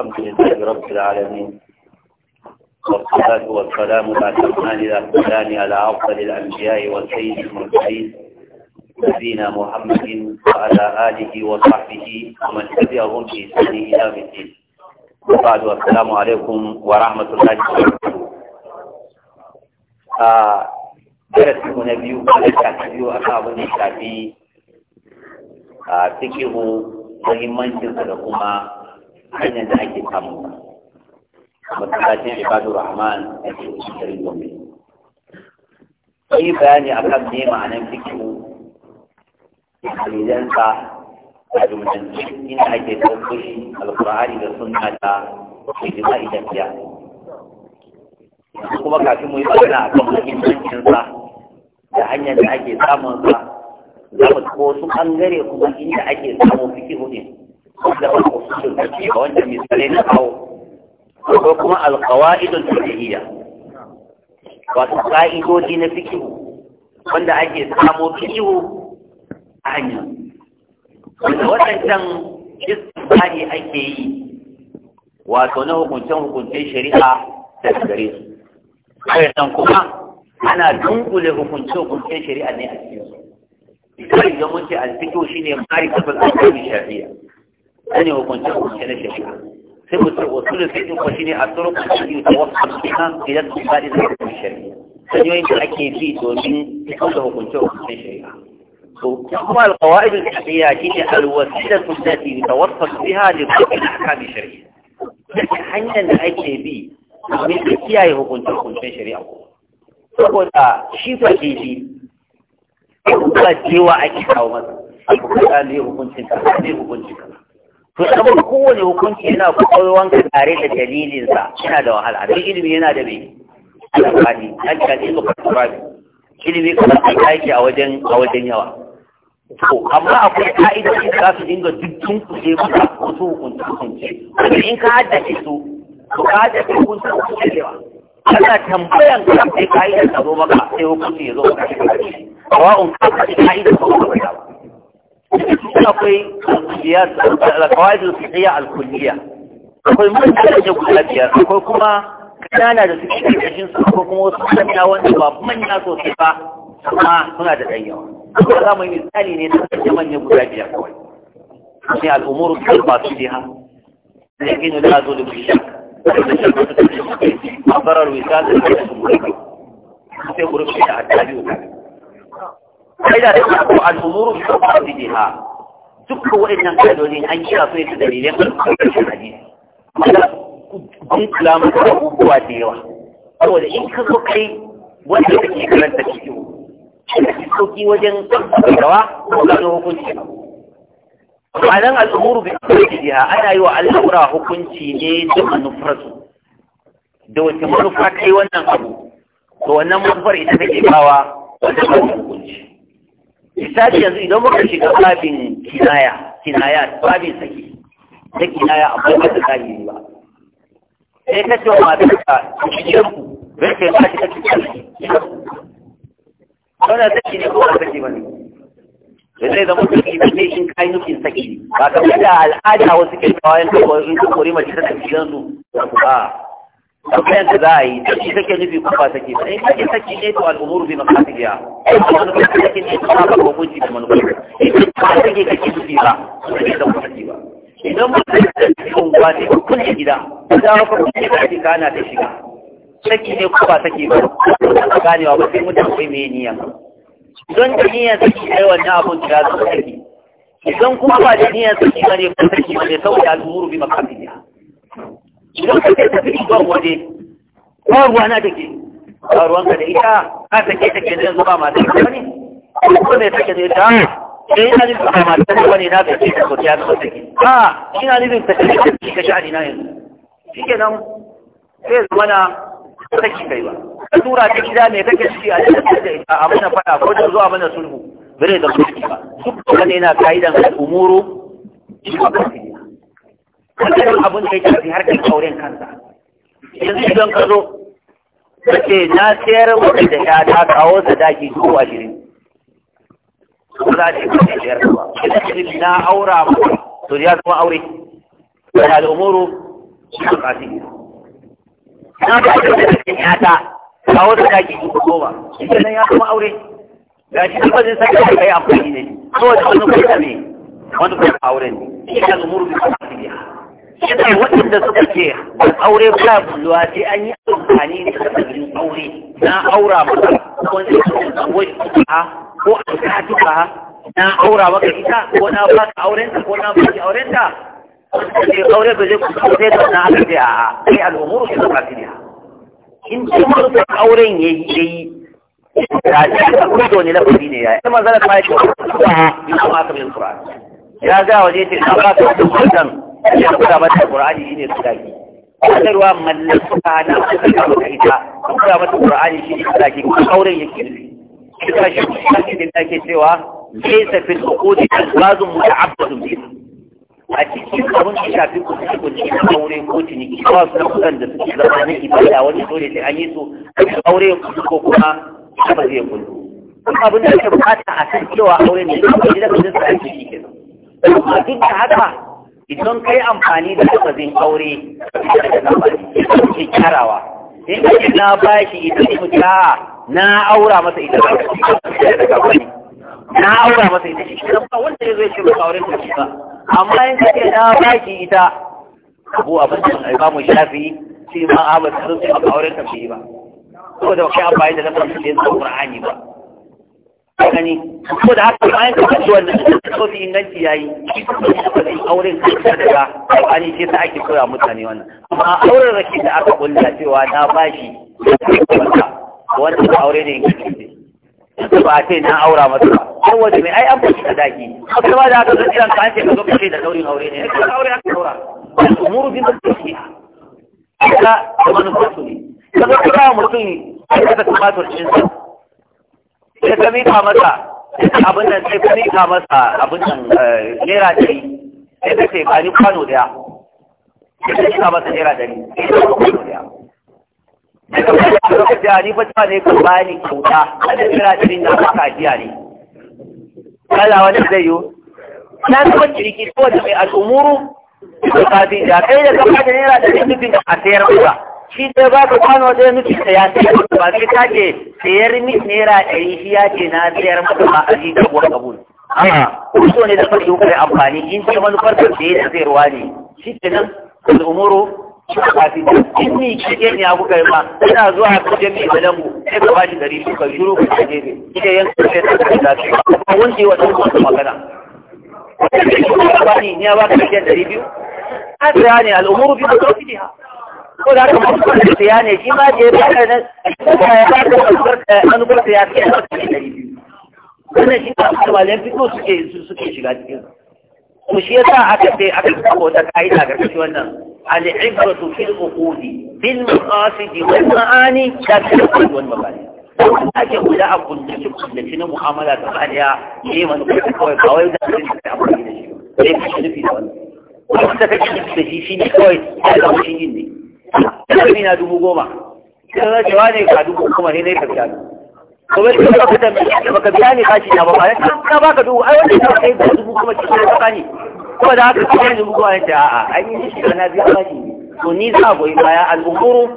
الحمد لله رب العالمين والصلاة والسلام على الأتمان الأكملان على أفضل الأنبياء والسيد المرسلين نبينا محمد وعلى آله وصحبه ومن تبعهم بإحسان إلى يوم الدين وبعد والسلام عليكم ورحمة الله وبركاته darasinmu na biyu da shafi biyu a abin hanyar da ake samu ba masallacin ibadu rahman a ke cikin gombe yi bayani a kan ne ma'anar fikiru dalilansa a jumlanci inda ake tsokoshi alkur'ani da sunna ta hidima'i da biya kuma kafin mu yi magana a kan muhimmancinsa da hanyar da ake samunsa za mu ko su ɓangare kuma inda ake samun fikiru ne wanda ba ku sun tafi ba wanda misalai na kawo ko kuma alqawaidul fiqhiyya wato ka'idoji na fiqh wanda ake samo fiqh a hanya wanda wadannan istibari ake yi wato na hukuncen hukuncen shari'a da gare su kai nan kuma ana dunkule hukuncen hukuncen shari'a ne a cikin su misali da mun ce al-fiqh shine ma'rifatul ahkam shari'a sani hukunce hukunce na shari'a sai mu ce usulun sai ɗin kwashi a turkun da yi ta wasu suna idan su ba da hukuncin shari'a sanyoyin da ake bi domin fitar da hukunce hukuncen shari'a القواعد الفقهية هي الوسيلة التي يتوصل بها لكل الأحكام الشرعية. hanyar da ake bi domin ka kiyaye hukunce-hukuncen shari'a saboda shi fa daidai abubuwa da yawa ake kawo masa abubuwa ne hukuncin ka hukuncin ka to saboda kowane hukunci yana kwakwalwanka tare da dalilinsa yana da wahala don ilimi yana da mai alfani alkan ilmu kasurabi ilimi kamar an yake a wajen a wajen yawa to amma akwai ka'idoji da za su dinga dukkan kuɗe maka wasu hukunci hukunci in ka haddace su to ka haddace hukunci hukunci da yawa ana tambayan ka sai ka'idar ta zo maka sai hukunci ya zo maka Ka kawai in ka faɗi ka'idar ba ka faɗi ba akwai biyar alkawai da fiqhiyya alkulliya akwai mutane da guda biyar akwai kuma kanana da suke karkashin su ko kuma wasu manya wanda ba manya sosai ba amma suna da ɗan yawa kuma za mu yi misali ne da kake manya guda biyar kawai ne al'umuru da ba su biha da yake ne da zo da bisha da shi da su a barar wisal da su sai gurbin da a tabi'u kaida da ko al-umuru bi jiha, dukkan wa'annan kalolin an kira su da dalilan al-Qur'ani hadisi amma kun kula maka abubuwa da yawa da in ka zo kai wanda kake karanta ko ki wajen gawa ko gano hukunci ma'anan al'umuru bi jiha ana yi wa al hukunci ne da manufarsu da wace manufa kai wannan abu to wannan manufar ita take bawa wanda ba hukunci misali yanzu idan muka shiga babin kinaya kinaya babin saki ta kinaya akwai wata tsari ba sai ka ce wa da ka cikin ku bai kai ba ta cikin wannan saki ne ko ba saki ba ne da zai zama saki da ne in kai nufin saki ba kamar da al'ada wasu ke kawai in kawai in kori mace ta cikin su ba tambayan da za a yi saki kake nufi kuma ba saki ba in kake saki ne to al'umuru bi makasiya in ka wani kake saki ne to ba ko kunci da manufa Idan ka saki kake nufi ba kake da kunci ba idan ba ka saki kun ba ne kunci gida da ka kunci da kake kana ta shiga saki ne kuma ba saki ba ka ganewa ba sai mutum kai mai niyya don da niyya saki ai wannan abun da za su saki idan kuma ba da niyya saki ba ne ko saki ba ne saboda al'umuru bi makasiya idan ka kai tafi ban waje ba ruwa na da take ba ruwanka da ita ka take take zai zuba mata ita ne ko ne take zai ta sai ina jin ba mata ba ne na ga ce ko ta so take a ina jin ta take ka shani na yanzu shikenan sai zamana take kai ba ka tura ta gida ne kake ciki a cikin da ita a mana fada ko da zuwa mana sulhu bare da mutunci ba duk da kana yana kaidan umuru shi ba kadarin abin da ya shafi harkar auren kansa yanzu idan ka zo ka ce na sayar wata da ya ta kawo sadaki dubu ashirin ko za ta yi sayar ba idan ka na aura ma to ya zama aure da Umaru shi ka kasi na ba ta da ya ta kawo sadaki dubu goma shi nan ya zama aure ga shi kuma zai saka ya yi amfani da shi saboda wani kuma ne wani kuma auren ne shi ka al'umuru bi kasi ne yana waɗanda suka ce aure ba bulluwa sai an yi amfani da sabbin aure na aura maka ko da wai a ko a kaji ba na aura maka ita ko na ba ka auren ta ko na ba ki auren ta sai aure ba zai kusa sai da na aka ce a sai al'umuru su ka fiya in kuma da auren yayi yayi da ta ka kudo ne lafazi ne ya yi manzara ma yi shi ba ya ga waje ce ta ba ta da ya kula mata Qur'ani shine sadaki kadarwa mallaka na da mata ita kula mata Qur'ani shine tsaki, ko auren yake shi ka shi shi din take cewa laysa fil uqud azwajun muta'abbadun bi a cikin abin da shafi ku su ku cikin aure ko ki ba su kusan da suke zama na ibada wani dole sai an yi su aure ko kuma ba zai kullu abin da ake bukata a san cewa aure ne kuma idan ka jinsa a ciki kenan duk da haka idan kai amfani da lafazin aure ki karawa in kace na bashi idan ku na aura masa ita na aura masa ita shi ba wanda zai ya shiru auren ta ba amma in kace na shi ita abu abin da Imam Shafi'i shi ma Ahmad sun ce auren ta ba saboda kai amfani da lafazin Qur'ani ba gani ko da haka bayan ka kaci wannan ko fi inganci yayi auren ka daga ta ake koya mutane wannan amma auren rake da aka kulla cewa na bashi wanda ba aure ne inganci ne ba a ce na aura masa ba ko wanda mai ai an bashi da daki kuma da haka zan ka ce ka zo ka da daurin aure ne ka aure aka aura umuru bin tafiya ka da manufarsu ne ka zo ka mutum ka da tumatur ɗinsa sai ka mika masa abin nan sai ka mika masa abin nan eh, naira dari sai ka ce ka ni kwano daya sai ka mika masa naira dari sai ka kwano daya sai ka kwano daya ni fata ne ka ni kyauta a da naira dari na maka ajiya ne kala wani zai yi na zama kirki wata mai al'umuru da kafin da kai da kafa da naira dari nufin a sayar masa shi ta ba ka kwano zai miki ta ya sai ba sai ta ce sayar min naira ɗari shi ya ce na sayar masa ba a ji kabuwa kabul a'a so ne da farki kai amfani in ce manufar da ya da sayarwa ne shi ke nan al'umuru kafin in ni ke ne abu kai ma ina zuwa a kujen mi da lambu sai ka bashi dari su ka shiru ka je ne kike yan sai ta ta ce ba wanda ya wata magana ba ni ya ba ka dari biyu hada ne al'umuru ne ha. ko da haka mutum da siya ne shi ma da ya bayar da kuma ya ba da anubar da ya fi a cikin dari biyu wannan shi ba a walen fito suke su suke shiga cikin to shi yasa aka ce aka ta samu wata ka'ida ga kashi wannan al'ibratu fil uqudi bil maqasidi wal ma'ani da kalmar wal mabani ake guda a kundace kundace na mu'amala ta tsariya ne wani kuma kawai kawai wai da su ne amfani da shi sai ka nufi da wannan wanda kake nufi da shi shine kawai ya zama shi ne kalmi na dubu goma sai na cewa ne ka dubu goma ne na yi tafiya ko bai kuma ka fita baka biya ne kashi na ba ba ka baka dubu ai wanda ka kai da dubu goma ki ka kani ko da haka ka dubu goma ne a a an yi shi na biya kashi to ni za goyi baya al'umuru.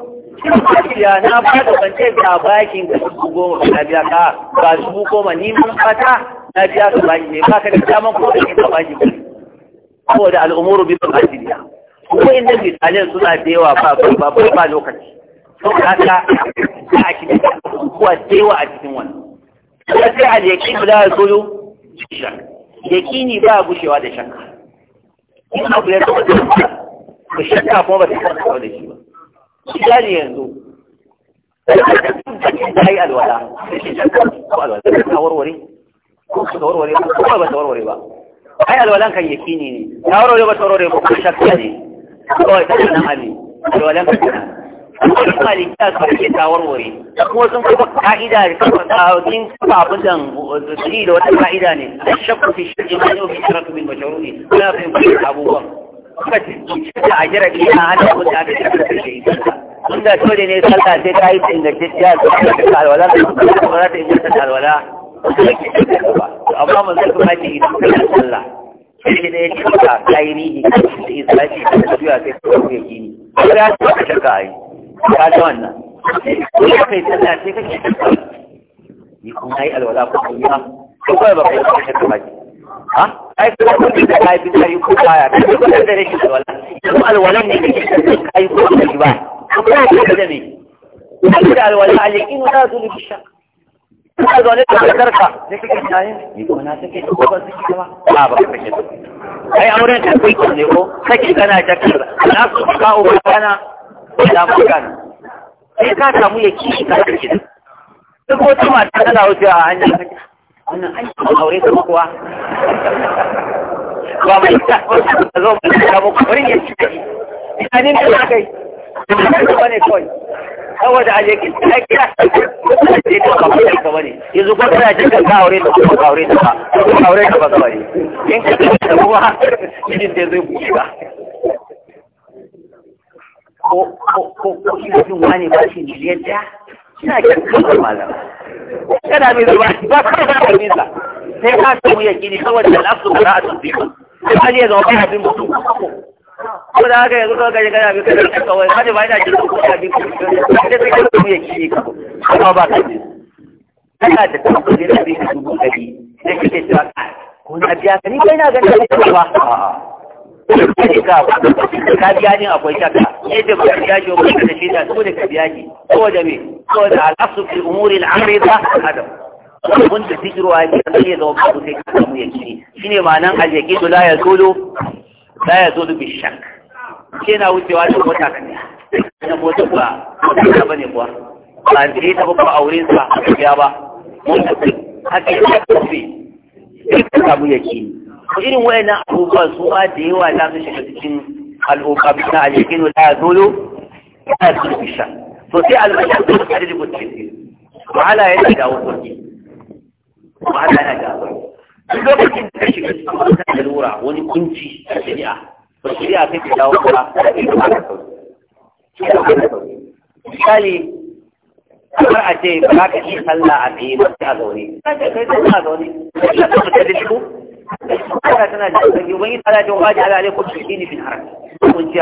ya na ba da bance da bashin ka dubu goma na biya ka ba dubu goma ni mun fata na biya ka bashi ne ba ka da daman ko da ka bashi ko da al'umuru umuru bi al-asiliya Wa'in inda misalin suna da yawa ba ba ba ba lokaci. Sau da a cikin kuwa dewa a cikin wannan. ya sai a yaki da ya a Yakini ba a gushewa da shakka. In abu ya zama da ba shakka kuma ba ta kawo da shi ba. Shi ne yanzu. Da yi alwala. Shi ko alwala. ta warware. Ko ta warware ba. Ko ba ta warware ba. Ai alwalan kan yakini ne. Ta warware ba ta warware ba. Ko shakka ne. kawai ta nan abi alwalan ka tana kuma malikiya su ake tawarware da kuma sun kafa ka'ida da kafa tsawakin kafa abin da wata ka'ida ne da shakku fi shirki ma yau fi shirka suna fahimtar abubuwan suka ci ta a jira iya hannun da aka shirka da shi tunda dole ne sallah sai ta yi ingantacciya da ta da ta alwala da ta inganta alwala amma zai kuma ce idan sallah sai da ya ce ka ni da islaci da sai kuma ya ce ka ka ta wannan ko ya kai sallah sai kake shakka ni kuma yi alwala ko kuma ko kai ba ka ba ha ai ko da bin ko kaya ka da shi alwala alwala ne ko ba ko ka da ne ai da alwala alyakin la Ka zaune da karkarka sai kake tunanin ni ko na take ko ba su kama ba? ba ka kake ai auren ta kai ne ko kake kana da. kaza na su ka uba kana da magana sai ka samu ya shi ka kake duk wata ta tana wuce a hanya wannan ai aure ta kuwa ba mai ta ta zo ba ta ba kurin ya ci ina ne ne kai ne kawai saboda a ki ta haka bane yanzu ko kana jin kan aure da kuma aure da ba ko aure da ba bane in ka da kuma jin da zai buɗe ba ko ko ko da jin wani ba shi miliyan da ina malama kana mai ba ka da sai ka sai ya zama mutum ko da haka yanzu kawai gaji kawai kaji ba ina jin kuma da sai ka kuma ba ka kana da tabbacin da bai dubu ɗari sai kake cewa ko na biya ka ni kai na ganin da ba ka biya ne akwai shakka yadda ba biya shi ba ka da shi da so da ka biya shi ko da me ko da al'asu fi umuri al'amrida adam abun da fikiro a cikin sai zama babu sai ka samu yakini shine ma'anan al-yaqinu la yazulu la yazulu bi shakk na wucewa da mota kan ne na mota ba mota ba ne kuwa ba ta ba ba auren sa ya ba wanda kai haka yana tafi sai ka samu yaki irin wayannan abubuwa su ma da yawa za su shiga cikin al'umma bisa alyakin wala ya zolo ya zolo bisha to sai almashar da suka da mutum wahala yana da hukunci wahala yana da hukunci duk lokacin da ka shiga cikin wata lura wani kunci a shari'a ba shari'a kai ka dawo kuma da ita ba da sauki misali kamar a ce ba ka sallah a ba zaune kai zaune ina da tana da ala kun a ji ta yi zaune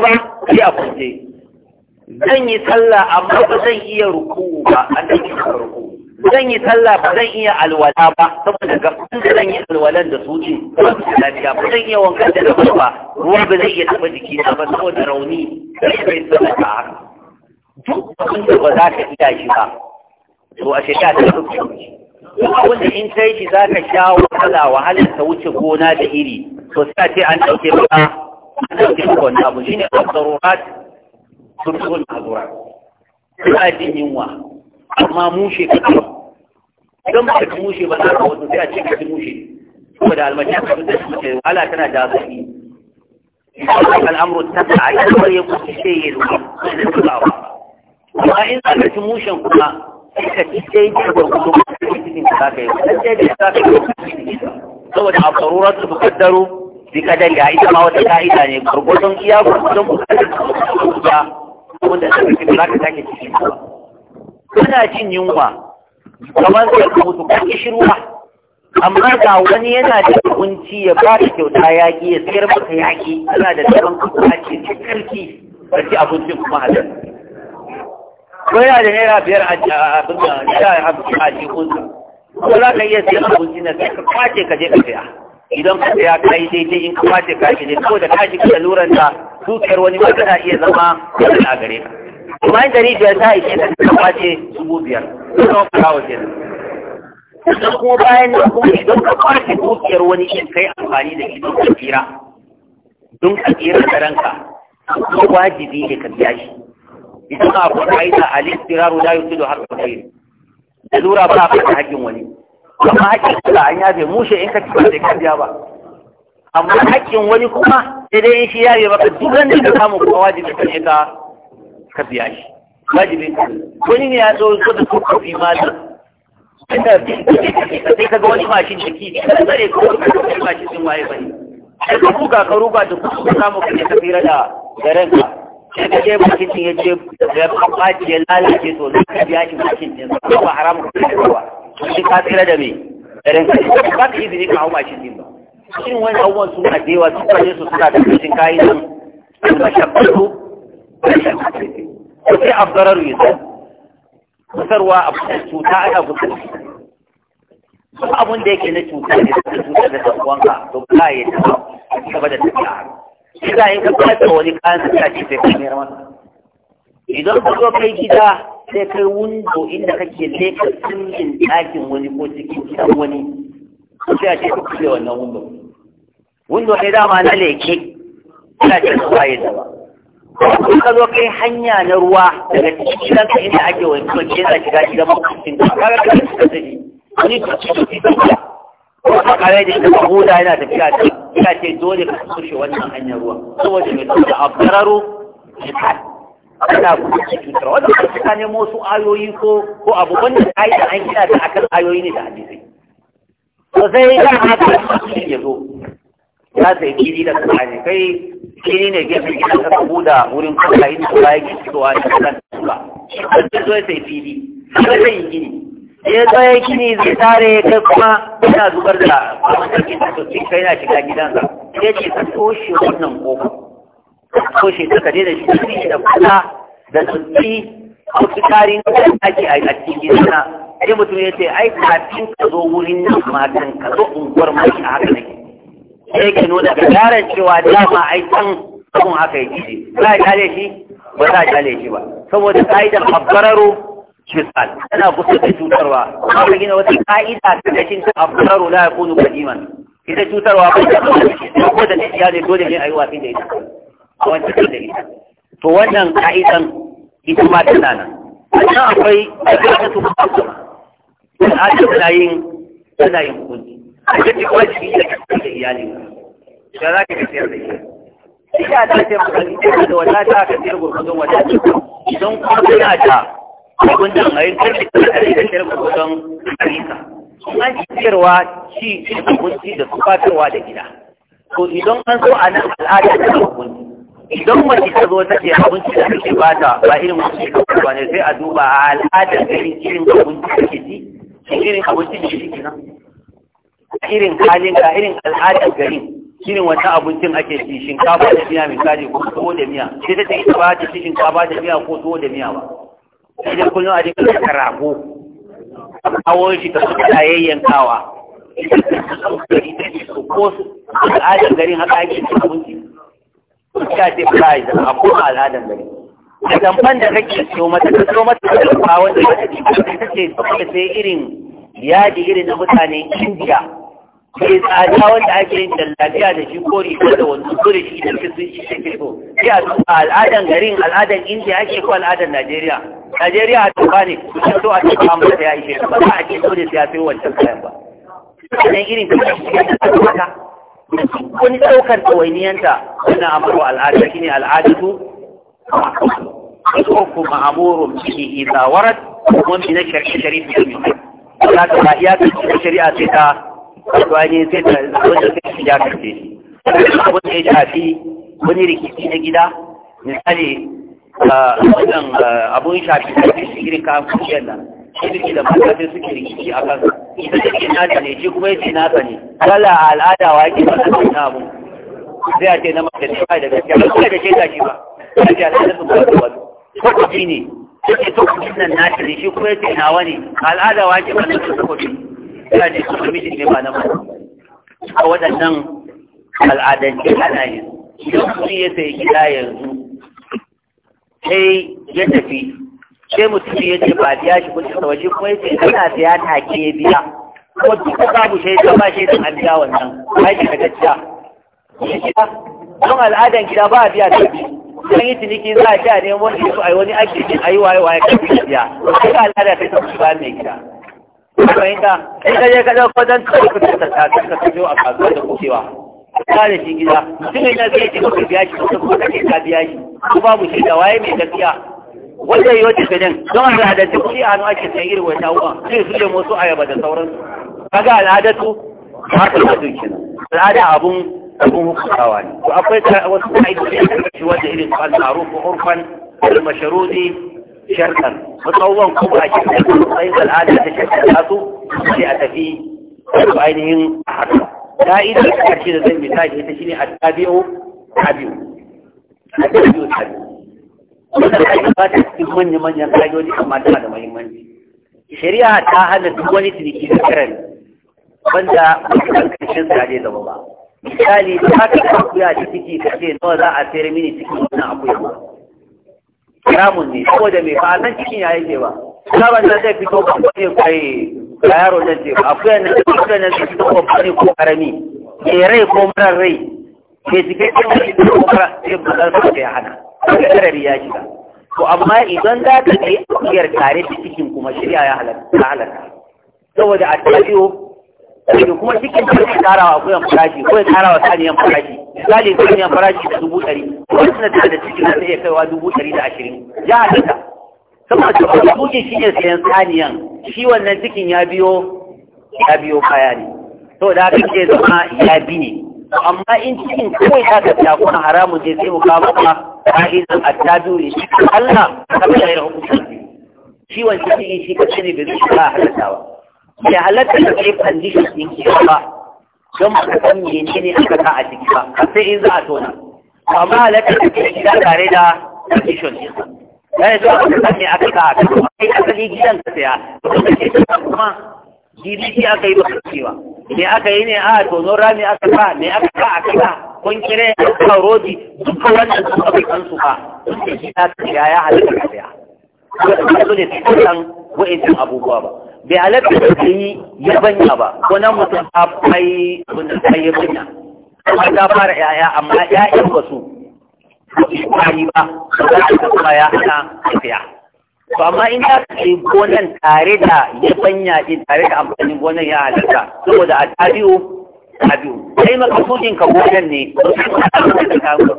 ba a zan yi sallah amma ba zan iya ruku ba an da ke ruku zan yi sallah ba zan iya alwala ba saboda ga da zan yi alwalan da su ce lafiya ba zan iya wankan da na ba ruwa ba zai iya taba jiki na ba saboda rauni ya bai sallah a haka abin da ba za ka iya shi ba to a shekara ta rufe wanda in ta yi shi za ka sha wahala wahalar ta wuce gona da iri to sai ce an ɗauke maka an ɗauke maka wani abu shine abdarurat turkul azurat ina jin yunwa amma mushe ka idan ba ka mushe ba za ka wasu sai a ce ka mushe da almaci ka da shi wahala tana da zafi al'amru tasa a yi kamar ya kusa sai ya rufe sai da tulawa amma in za ka ci mushen kuma sai ka ci sai da gwargwado cikin ka zaka yi dan sai da za ka yi saboda a farurar su bukaddaru bi kadari a ita ma wata ka'ida ne gwargwadon iya gwargwadon bukaddaru ba wanda zaka ci za ka sake cikin ka kana cin yunwa kamar sai ka mutu ka kishirwa amma ga wani yana da kunci ya ba da kyauta yaƙi ya sayar maka yaƙi yana da daban kuma ake cikarki da ci abincin kuma halar ko da naira biyar a abin da a jikunsa ko za ka iya siyan abinci na ka kwace ka je ka saya idan ka saya ka yi daidai in ka kwace ka shi ne ko da ka shiga laluran da dukiyar wani ma na iya zama wani a gare ka kuma in dari biyar ta ishe ka ka kwace dubu biyar ko kuma ka kawo kenan sannan kuma bayan nan kuma idan ka kwace dukiyar wani in kai amfani da shi don ka tsira don ka tsira da ranka wajibi ne ka biya shi idan a kuka aida al-istiraru la yusidu haqqal ghayr lura ba ka hakkin wani amma hakkin kula! an yafe mushe in ka ci ba sai ka biya ba amma hakkin wani kuma sai dai in shi yaye maka duk ran da ka samu kuma wajibi ka shiga ka biya shi wajibi wani ne ya zo so da kuka fi malam inda sai ka ga wani mashin da ki ka tsare ko ka mashin din waye bane sai ka buga ka ruga da kuka samu ka tafi da da ranka sai ka je bakin din ya je ya kwaci lalace to za ka biya shi bakin din ba haram ka kai ruwa shi ka tsira da me irin ka ba ka izini ka hau bakin din ba shin wani abubuwan suna da yawa su kwaje su suna da kashin kayi nan mashabbatu sai abdarar yi sai kusarwa a cuta ana kusarwa abun da yake na cuta ne da cuta da ɗan uwanka to ka yi ta gaba da tafiya Ina in ka kwace wani kayan ta ce sai ka mayar masa. Idan ka zo kai gida sai kai wundo inda kake leka cikin ɗakin wani ko cikin gidan wani sai a ce ka kule wannan wundo. Wundo sai dama na leke ina ce ka waye da ba. Kun ka zo kai hanya na ruwa daga cikin ka inda ake wani kuma ke shiga gidan makwabcin ka. Kaga ka suka sani wani ka ce ka ko a kare da ita huda yana tafiya ta ita ce dole ka kushe wannan hanyar ruwa saboda mai tsoda a kararu jihad ana kusa cutar wanda ka suka nemo su ayoyi ko ko abu wanda ta yi da an gina da akan ayoyi ne da hadisai to sai ya haka shi ya zo ya sai kiri da tsakani kai kiri ne gefe gina ta sabu da wurin kuma inda ba ya ke fitowa da kan suka shi ka zo ya sai fili sai yi gini ya tsaye kini zai tare kai kuma yana zubar da sarki da sosai kai na shiga gidansa ya ce ka toshe wannan kofa toshe ta da shi da da a a cikin ya ce ai ka zo wurin nan matan ka zo unguwar mashi a haka sai yaran cewa dama ai can abun haka ya ce ba za a shi ba saboda da habbararo misal tana kusa da cutarwa kuma ka gina wata ka'ida ta cikin afkaru la yakunu qadiman ita cutarwa ba ta ko da ya ne dole ne ayi wafi da ita a wancan da ita to wannan ka'idan ita ma tana nan akwai al'ada su kuma al'ada tana yin tana yin hukunci a cikin da kasance da za ka tafiyar da iyali ta ce mutane da idan kuma kuna ta abin da mai karfi da ɗari da shirin kusan harisa an ci ciyarwa ci abinci da tufatarwa da gida to idan an so a nan al'ada da abinci idan mace ta zo ta ce abinci da ake bata ba irin wasu shekaru ba ne sai a duba a al'ada da irin abinci da ke ci irin abinci da ke ci irin halin ka irin al'adar garin shine wata abincin ake ci shinkafa da miya misali ko tuwo da miya sai ta ce ita ba ta ci shinkafa da miya ko tuwo da miya ba wajen kullum a jikin ka rago hawo shi ka suka da yayyankawa ko su al'adar garin haka abinci ta ce a kuma al'adar da da kake so mata ta so mata da ta ce sai irin yadi irin na mutane indiya mai tsada wanda ake yin tallafiya da shi ko riga da wani ko da shi da sun shi da so sai a duba al'adan garin al'adan indiya ake ko al'adan najeriya najeriya a tuka ne a so a tuka amma da ya ishe ba za a ce so da siya sai wancan kayan ba Wannan irin kuma shi da ta tuka wani ɗaukar ɗawainiyanta suna amurwa al'ada shine al'adatu الحكم مأمور به إذا ورد ومن من الشريعة شريف الجميع ta ما هي الشريعة wato ainihin sai ta wanda kai shi ya karfe shi abin da ya shafi wani rikici na gida misali wannan abun shafi karfe shi irin kayan kuciyar nan shi duke da mata sai suke rikici a kan ita da ke nata ne shi kuma yace nata ne kala al'ada wa yake ba ta na abu Zai a ce na mace ne ba da gaskiya ba kuma da ke shi ba ta ce al'ada su ba ta wasu kwatafi ne take to nan nata ne shi kuma yace nawa ne al'ada wa yake ba ta wasu kwatafi yana da kuma mijin ne ba na ba a waɗannan al'adance ana yin idan mutum ya sayi gida yanzu sai ya tafi sai mutum ya ce ba biya shi kuma sa waje kuma ya ce kana siya take biya kuma duka babu shaida ba shi an biya wannan ba shi da gaskiya don al'adan gida ba a biya ta biyu an yi ciniki za a sha ne wani su a wani ake a yi waye waye kan biya ka al'ada ta tafi ba mai gida fahimta in ka je ka ɗauko don kawai ka tuta takin ka kajo a kasuwa da kucewa kare shi gida mutumin da zai ce ka biya shi kuma ka ke ka biya shi ko babu shi da waye mai tafiya. wanda yi wata ganin don a al'adatu kuɗi a hannu ake sayan irin wata uwa sai su lemo su ayaba da sauransu kaga al'adatu ba ta hadu kenan al'ada abun abun hukuntawa ne to akwai wasu ka'idoji da shi wanda irin su al-ma'ruf urfan al-mashrudi sharɗan matsawon kuma a cikin matsayin al'ada ta sharɗan su sai a tafi da ainihin a haka ka'idar da ce da zai misali ta a tabiyo tabiyo a tabiyo tabiyo tabi'u wannan yi ba ta cikin manya-manyan ka'idoji amma tana da muhimmanci shari'a ta hana duk wani tiriki da karen banda mutum ƙarshen sa da zama ba misali ta ka akuya da ciki ta ce nawa za a sayar mini cikin wannan ya ba haramun ne saboda mai fa'anan cikin ya yayi ne ba saban nan zai fito ba ne kai ga yaro nan ce akwai nan da kuma na zai fito ba ne ko karami ke rai ko marar rai ke cikin kan shi ko mara sai ba zan so da ya hana ka karari ya shiga to amma idan za ka yi akuyar tare da cikin kuma shirya ya halatta saboda a tariyo da kuma cikin da zai karawa wa yan farashi ko karawa kara saniyan farashi misali saniyan farashi da dubu ɗari wani da da cikin da iya kaiwa dubu ɗari da ashirin ya halitta saboda cewa su ke shi ne sayan saniyan shi wannan cikin ya biyo ya biyo kaya ne saboda haka ke zama ya bi ne amma in cikin kawai ta ka ta kuma haramun ne sai mu kawo maka ka'izan attabi'u ne shi Allah ta bayar hukunci shi wancan cikin shi kace ne bai zai shiga ba. ya halatta da kai condition din ba don ba san menene aka sa a ciki ba Ka sai in za a tona amma halatta da kai gida tare da condition din ya zo ka san me aka sa a ciki kai asali gidan ka saya kuma ke kuma GDP aka yi ba su ba me aka yi ne a tonon rami aka sa me aka sa aka sa kun kire a rodi duka wannan su aka san su ba sun ce gida ta ya halatta ka saya. Kuma da kuma ne su wa'in abubuwa ba. bai halatta da ta yi yabanya ba wannan mutum ta fai wanda ta yi yabanya kuma ta fara yaya amma ya'yan ba su kwari ba ba za ta kuma ya hana tafiya to amma in ta ka gonan tare da yabanya din tare da amfanin gonan ya halatta saboda a tabi'u biyu. sai makasudin ka gonan ne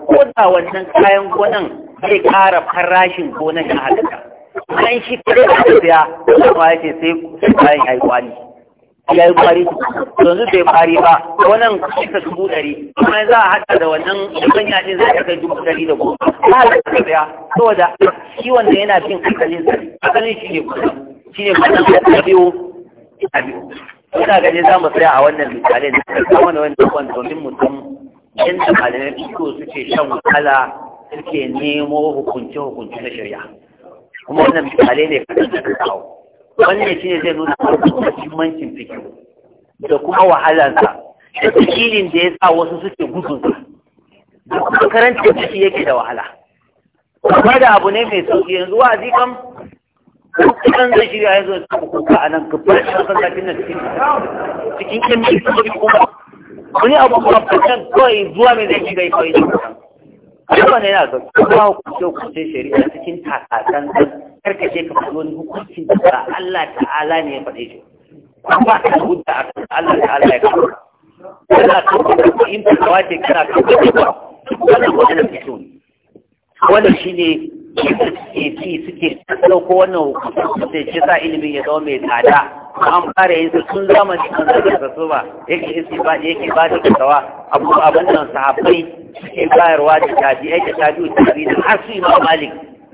ko da wannan kayan gonan zai kara farashin gonan ya halatta bayan shi kare da tafiya kuma ya ce sai bayan ya yi kwali ya yi kwali yanzu bai ƙwari ba wannan kusa dubu ɗari kuma za a haɗa da wannan yakan yajin zai a kai dubu ɗari da goma ba a da tafiya saboda shi wanda yana bin asalin sa shi ne kusa shi ne kusa ya biyu a biyu ina ganin za mu tsaya a wannan misalin da kama da wani kwan domin mutum yadda malamai fiko suke shan wahala suke nemo hukunce-hukunce na shari'a kuma wannan misalai ne kaɗan da kawo wannan shi ne zai nuna muhimmancin fikihu da kuma wahalarsa da dalilin da ya sa wasu suke gudun sa da kuma karanta ciki yake da wahala kuma da abu ne mai sauki yanzu wa zikam kan zai shirya yanzu da kuma kuka a nan gaba da kan zafin nan cikin cikin kyan mai kuma wani abu kuma kawai zuwa mai zai shiga kawai da kuka Yawan yana da kuma hukunce hukuncin shari'a cikin takakan karkace ka fi wani hukuncin da ba Allah ta'ala ne ya faɗe shi. kuma ta hudu a kan Allah ta'ala ya kawo. Kana kawo da in ta kawace kana kawo kuma ba. Wannan wannan fito ne. wani shi ne suke ci suke ɗauko wannan hukuncin da ke sa ilimin ya zama mai tsada an fara yin su tun zamani kan zai da su ba yake isi ba yake ba da kasawa abu abin nan sahabbai suke bayarwa da tafi yake tafi da tafi da har su imam malik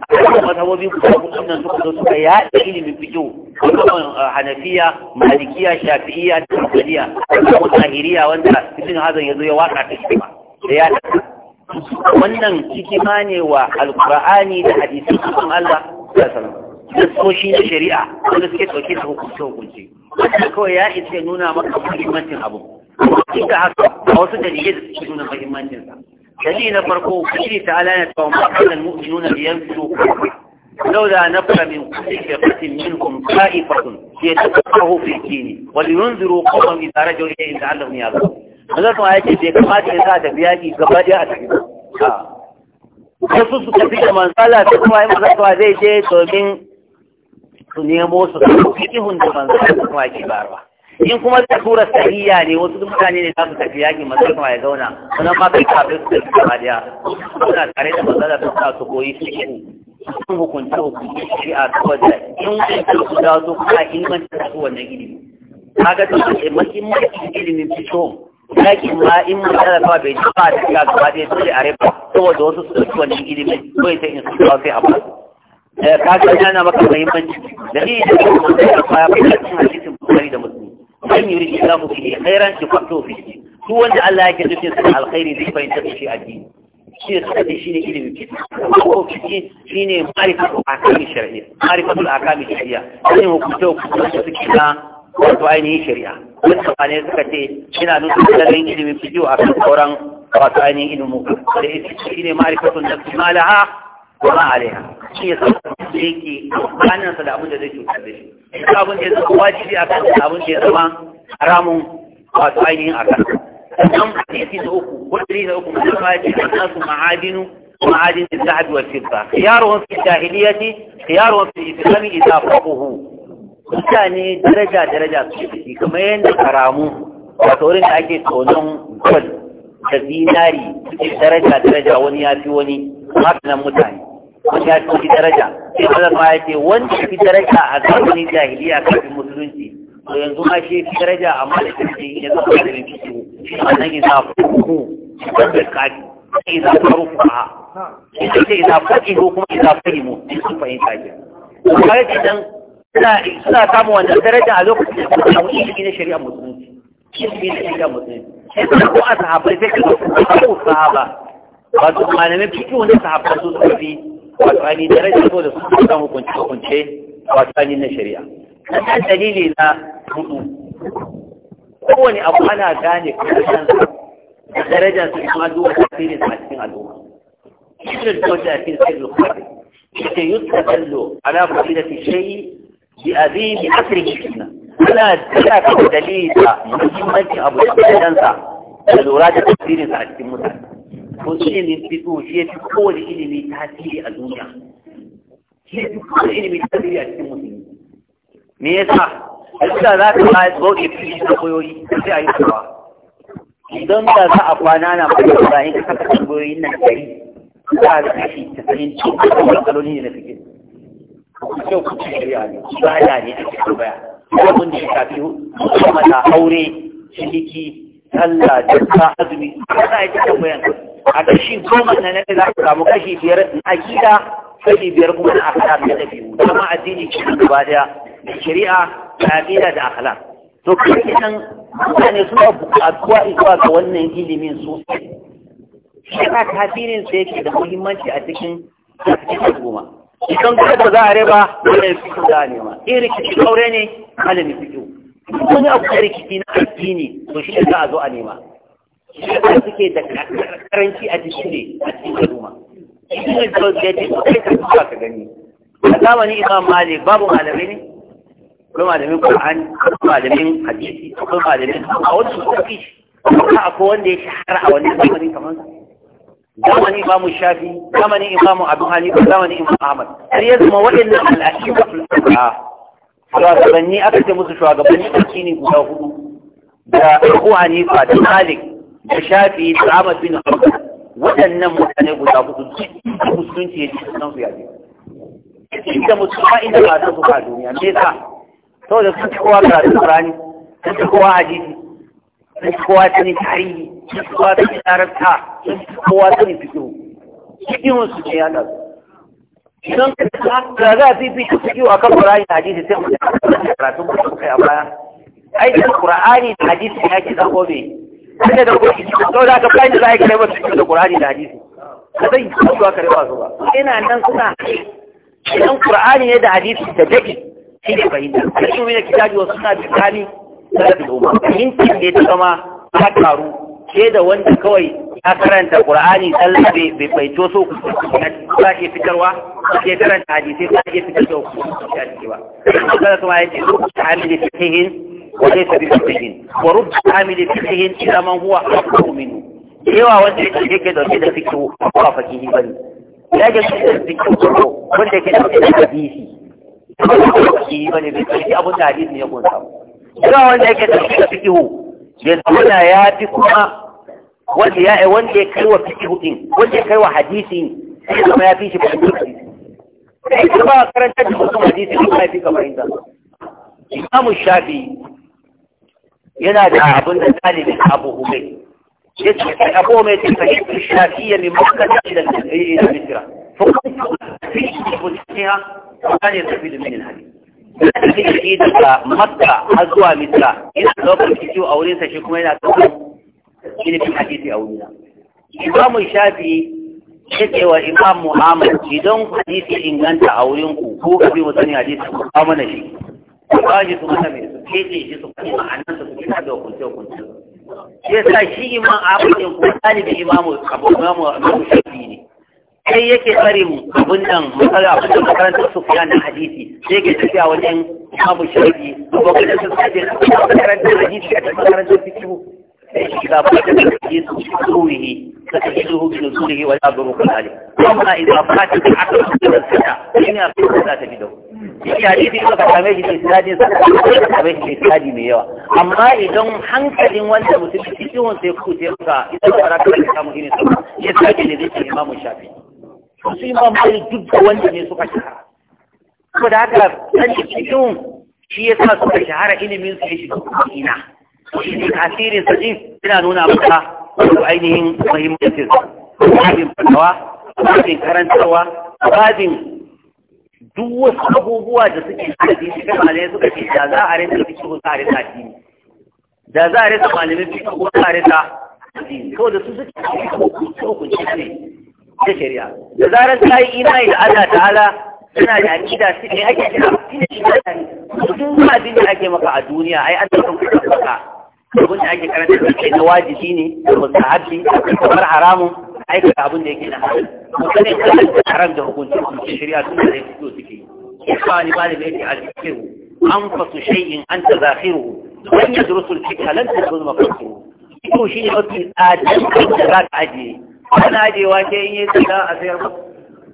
akwai mazhabobi guda hudu nan suka zo suka yaɗa ilimin fito. wannan eh, hanafiya malikiya shafi'iya, da hanbaliya da zahiriya wanda ibn hazan yazo ya waka ta shi ba da ya wannan cikima ne wa alqur'ani da hadisin Allah sallallahu alaihi wasallam nasoshi na shari'a wanda suke ɗauke da hukunce hukunce wanda kawai ya isa nuna maka muhimmancin abu duk da haka a wasu dalilai da suke nuna muhimmancin sa dalili na farko kushiri ta ala na tsawon makanan mu'minuna biyan su لولا نفر من كل فرقة منهم خائفة يتفقه في الدين ولينذروا قومهم إذا رجعوا إليهم لعلهم يعلمون Hazarsu a yake bai kamata ya sa da biyaki gaba ɗaya a tafi ba. Wasu su tafi da manzala ta kuma yi mazarsuwa zai je domin su nemo su su fikihun man su su kuma ke barwa in kuma da tura sahiya ne wasu mutane ne za su tafi yaƙi masu kuma ya zauna wannan ma bai kafin su tafi gaba daya suna tare da matsala su sa su koyi fikihu sun hukunce hukunce shi a saboda in wani su da su kuma ilmanta su wannan ilimi ga su ce mahimmancin ilimin fito yaƙi ma in matsala kawai bai ba a shiga gaba daya dole a rufe saboda wasu su ɗauki wannan ilimin dole sai in su kawo sai a su da eh, ka ga yana maka muhimmanci da ni da kuma da ya fara cikin hadisin Bukhari da Muslim man yuridu Allahu bihi khairan yafqahu fihi su wanda Allah yake nufin sa alkhairi zai fahimta shi addini shi ne suka shi ne ilimi ko fiqh shi ne ma'rifatul ahkam shar'iyya ma'rifatul ahkam shar'iyya sai hukunta hukunta suke na wato ainihin shari'a wanda ba ne suka ce ina nufin sanin ilimin fiqh a kan sauran wato ainihin ilimin da shi ne ma'rifatul nafs ma laha wa ma alaiha shi ne da yake amfaninsa da abin da zai cutar da shi duk abin da ya zama wajibi a kan abin da ya zama haramun wato ainihin a kan sannan hadisi da uku ko dari da uku mutum ma ce an nasu ma'adinu ma'adin da zahabi wa sirfa khiyaruhum fi jahiliyyati khiyaruhum fi islami isa faqahu mutane daraja daraja su shi kamar yadda karamu wato wurin da ake tonon gold da zinari suke daraja daraja wani ya fi wani haka nan mutane wani ya fi daraja sai Allah ma ya ce wanda fi daraja a zamanin jahiliya kafin musulunci to yanzu ma shi fi daraja amma da shi ya zama da shi shi wannan ya zafi wanda ya ce ya ko kuma ya sun fahimta ke kuma ya ce dan suna samun wannan daraja a lokacin da kuma ilimi na shari'a musulunci ilimi na shari'a musulunci ko a sahabbai sai ka ga sahaba wato malamin fikihu na sahabbai su fi wato ani daraja so da su kan hukunce hukunce wato ani na shari'a kan dalili na hudu kowane abu ana gane su, da darajar su kuma duwa tasirin a cikin al'umma shirin da a cikin sirri kwarai yake yutsa kallo ala da fishayi bi azimi asrihi kenan ana tsaya kan dalili da muhimmancin abu da sa da lura da tasirin sa a cikin mutane to ilimin fiqh shi ya fi kowane ilimi tasiri a duniya shi ya fi kowane ilimi tasiri a cikin musulmi me ya sa? yasa yadda za ka ba bauɗe fili na koyoyi sai a yi tsawa idan da za a kwana na mai da in ka saka tambayoyin nan gari za a rika shi ta sanin cin matsaloli ne na fikin kyau ku ci shari'a ne ibada ne a cikin baya abin da ya shafi mata aure ciniki sallah da ta azumi za a yi ta tambayan a kashi goma na nan za ka samu kashi biyar na akida kashi biyar kuma na akhlaq da dabi'u dama addini ke gaba daya da shari'a da akida da akhlaq to kai nan mutane suna buƙatuwa zuwa ga wannan ilimin sosai shi ka tasirin sa yake da muhimmanci a cikin a cikin al'umma idan ka da za a reba dole su za a nema in rikici aure ne malami fiƙo wani abu da rikici na addini to shi za a zo a nema da suke da karanci a jiki ne a cikin al'umma shi ne da ya ce kai ka tuka ka gani a zamanin imam malik babu malamai ne akwai malamin qur'ani akwai malamin hadisi akwai malamin a wasu suke kuma akwai wanda ya shahara a wani zamanin kamar zamanin imam shafi zamanin imam abu hanifa zamanin imam ahmad har ya zama waɗannan al'ashi da A shugabanni aka ce musu shugabanni a cikin guda hudu da abu hanifa da malik da shafi da ahmad bin hanbal waɗannan mutane guda hudu duk musulunci ya ce sunan su yaje da musulma inda ba su suka duniya me yasa saboda sun ci kowa karatu ƙur'ani, sun ci kowa hadisi sun ci kowa sani tarihi sun ci kowa sani larabta sun ci kowa sani fikiru fikirun su ce ya da idan ka za a fifi ta fikiru kan qur'ani da hadisi sai mutane da karatu mu kai a baya ai da qur'ani da hadisi ya ke zako mai kake da kuɗi to da ka fahimta za ka rabu su da Qur'ani da hadisi ka zai yi kuwa ka rabu su ba ina nan suna idan Qur'ani ne da hadisi da dake shi ne fahimta A cikin shi ne kitabi wasu suna da kani da da umma fahimtin ne ta zama ta karu ke da wanda kawai ya karanta ƙur'ani sallah bai bai faito so ku ba ke fitarwa ke karanta hadisi ba ke fitarwa ku ba kuma yace ta hamili fikihin وليس بفقه ورب عامل فقه إلى من هو أكبر منه yawa wanda yake yake dauke da fikihu ba fakihi bane ya ga shi da fikihu wanda yake dauke da hadisi ba fakihi bane bai sai abun da ne ya gonsa yawa wanda yake dauke da fikihu ya zama ya kuma wanda ya wanda ya fikihu din wanda ya kai wa ya fi shi karanta ba fi shafi yana da abin da talibin abu hukai ya ce sai abu mai tafiye ta shafiya mai maka da shi da kai yi da mitira fukun fi shi da ne tafi da minin hali yana da shi daga maka a zuwa mitira yana lokaci ciwo a shi kuma yana tafi shi ne fi hadi ta yawon nuna imamu shafi ya ce wa hadisi inganta a wurinku ko kafin mutum ya hadisi ku kama na shi kwaje su mata mai su keke shi su kuma ma'anar su kuma da hukunce hukunce ya sa shi imam abin kuma talibi imamu abu imamu abu shafi ne sai yake tsare mu abin nan matsala abin da makarantar su fiya na hadisi sai yake tafiya wajen imamu shafi abokan da su kaje makarantar hadisi a cikin makarantar fikihu إذا فات الحديث بسوره فتجده بنزوله ولا ظروف عليه أما إذا فات العقل من الفتاة إن أقول لا تجده في حديث إذا كتابه الإسلادي كتابه الإسلادي ميوا أما إذا حنكل وانت متبتسون سيكو تيكا إذا فرق الإسلام هنا سبا يساك لذلك الإمام الشافعي su imam malik duk da wanda ne suka shahara saboda haka sanin cikin shi ya sa suka shahara ilimin su ya shiga ina min asirin yana nuna maka wato ainihin muhimmancin babin fatawa babin babin duk wasu abubuwa da suke hadisi shi kan suka ce da za a rinka fice za a rinka addini da za a rinka malamai fice ko za a rinka addini kawai da suke ne da zarar ka yi da Allah da su ne ake su ake maka a duniya ai an da ka abin da ake karanta da ke na wajibi ne da mustahabi kamar haramun aikata abin da yake na ne musanin karanta haram da hukunci hukunci shari'a tun da yake so suke yi ba ni ba da yake alfikiru an fasu shay'in an ta zahiru wani ya zuru sulci kalanta da zuma fasu ko shi ne mafi tsadin da za ka ajiye ana ajiyewa ke in yi tsada a sayar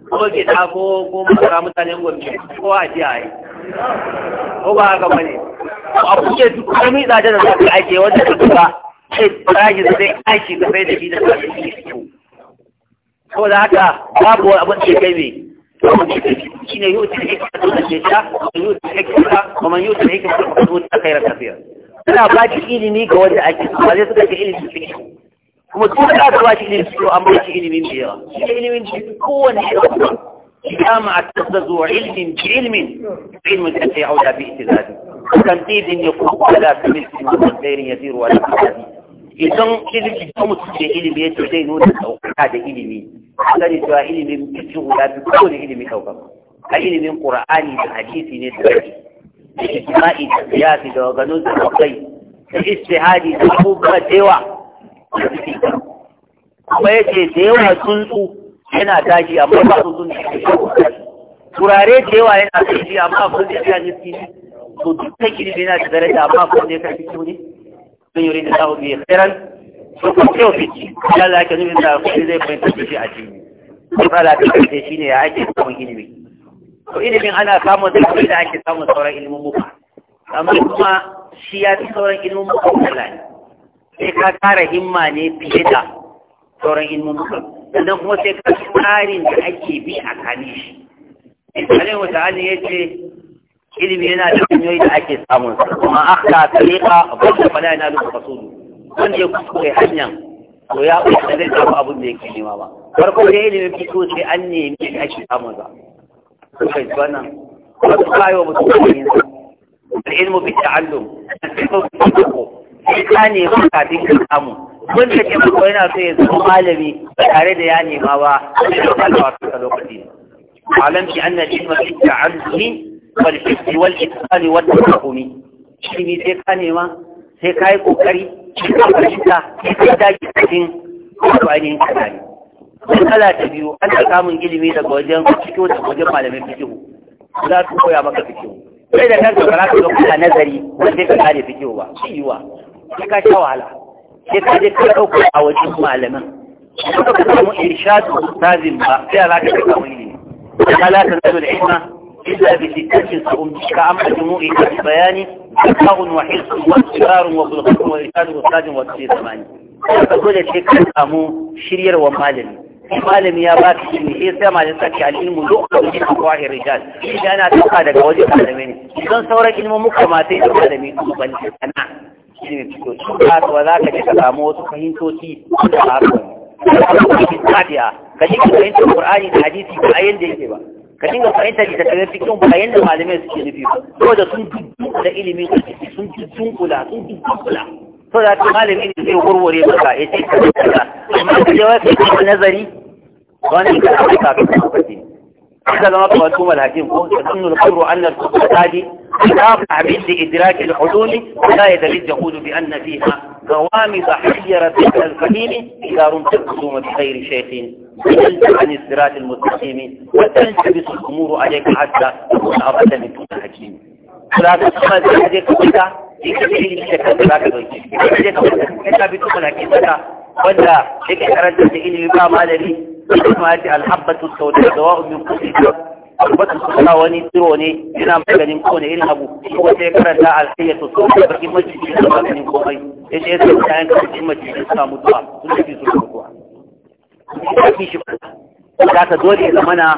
ko gida ko ko mutane mutanen gwamnati ko ajiya a yi ko ba haka bane a kuke duk kami da da zaka ake wanda ka duka sai tsagi zai aiki ka sai da shi da shi ko da haka babu abin da kai me shine yau ta yake da shi ta yau ta yake ta kuma yau ta yake da su ta kai rafiya ina ba ki ilimi ga wanda ake ba sai suka ce ilimi ne kuma duk da aka ba shi ilimi to an ba shi ilimi ne yawa shi ne kowanne ya إقامة التخذ علم بعلم علم الذي يعود باهتزازه وتنقيد يقوم ولا تملك من غير يسير ولا تحدي إذن إلم يقوم تسجي إلم يتجي نون هذا إلمي أغني سوى إلم يتجه لا بكون إلم كوكب إلم قرآني وحديثي نتبعي إجماعي تسياسي دوغنوز الوقتي إجتهادي تحوب ديوة ويجي ديوة تنسو yana tashi amma ba su sun turare da yawa yana tashi amma abin da ya ji to duk ta kirbi yana da daraja amma abin da ya karfi su ne sun yuri da sahu biyu khairan to ko kyau fici ya za ka nufin da kuɗi zai fahimta da shi a jini matsala ta karfe shi ne ya ake samun ilimi to ilimin ana samun da kuma da ake samun sauran ilimin muka amma kuma shi ya fi sauran ilimin muka kala ne sai ka kara himma ne fiye da sauran ilimin muka sannan kuma sai ka tsarin da ake bi a kane shi alai wata hali ya ce ilimi yana da hanyoyi da ake samun sa kuma aka tariqa bada fala yana da kasudu wanda ya kuskure hanyar to ya kusa zai samu abin da yake nema ba farko da ilimin fito sai an nemi da ake samun sa to kai wannan wasu kayo mutum yin sa العلم بالتعلم الفقه sai ka nemi kafin ka samu da ke mako yana so ya zama malami tare da ya nema ba a lokacin lokaci alam na ji ilma fi ta'alluhi wal fiqh wal itqan wal tafahumi shi ne sai ka nema sai ka yi kokari shi ka fahimta sai ka dage cikin wasu ainihin kanani matsala ta biyu an ta samun ilimi daga wajen fito da wajen malamin fikihu za su koya maka fikihu sai da kanka ba za ka zo kana nazari wanda ka kare fikihu ba shi yiwa sai ka sha wahala sai ka je ka ɗauka a wajen malamin kuma ka samu irshadu ustazin ba sai ala ka samu ilimi da la tanzu da ilma illa bi sittatin sa'um ka amma jumu'i ka bayani zaka'un wa hilsun wa sirarun wa bulghatun wa irshadu ustazin wa tsiri zamani ka dole sai ka samu shiryarwa malami malami ya ba ka ilimi eh, sai sai malamin sa ke al'ilmu lokacin da ka kwahi rijal idan ana tuka daga wajen malami ne don sauran ilmomin kamata ya malami su ban sana'a shine ciko kasuwa za ka je ka samu wasu fahimtoci da harsun tafiya. ka dinga fahimtar qur'ani da hadisi ba yanda yake ba ka dinga fahimtar da tafiyar fikin ba yanda malamai suke nufi ba saboda sun da ilimin sun dubbula sun dubbula so da ta malamin ne zai warware maka ya ce ka amma ka je wai ka nazari wani ka ka ka ka هذا ما قالكم قول تظن القبر أن الفساد تابع لإدراك الحدود لا يدل يقول بأن فيها غوامض حيرة الفهيم إذا رمت الخصوم بخير شيخ بل عن الصراط المستقيم وتلتبس الأمور عليك حتى تكون أبدا من دون حكيم فلا تسمى ذلك كنت يكفي لك كذا كذا كذا كذا كذا كذا كذا كذا كذا كذا كذا كذا كذا كذا كذا كذا kuma ce alhabbatu sauda dawa'un min kulli wata suna wani tsiro ne yana maganin kowane irin abu wata ya karanta alhiyar su sun bakin majiji da maganin komai ya ce sai ta yanka cikin maciji suna mutuwa sun tafi suna mutuwa ya fi shi za ka dole ya mana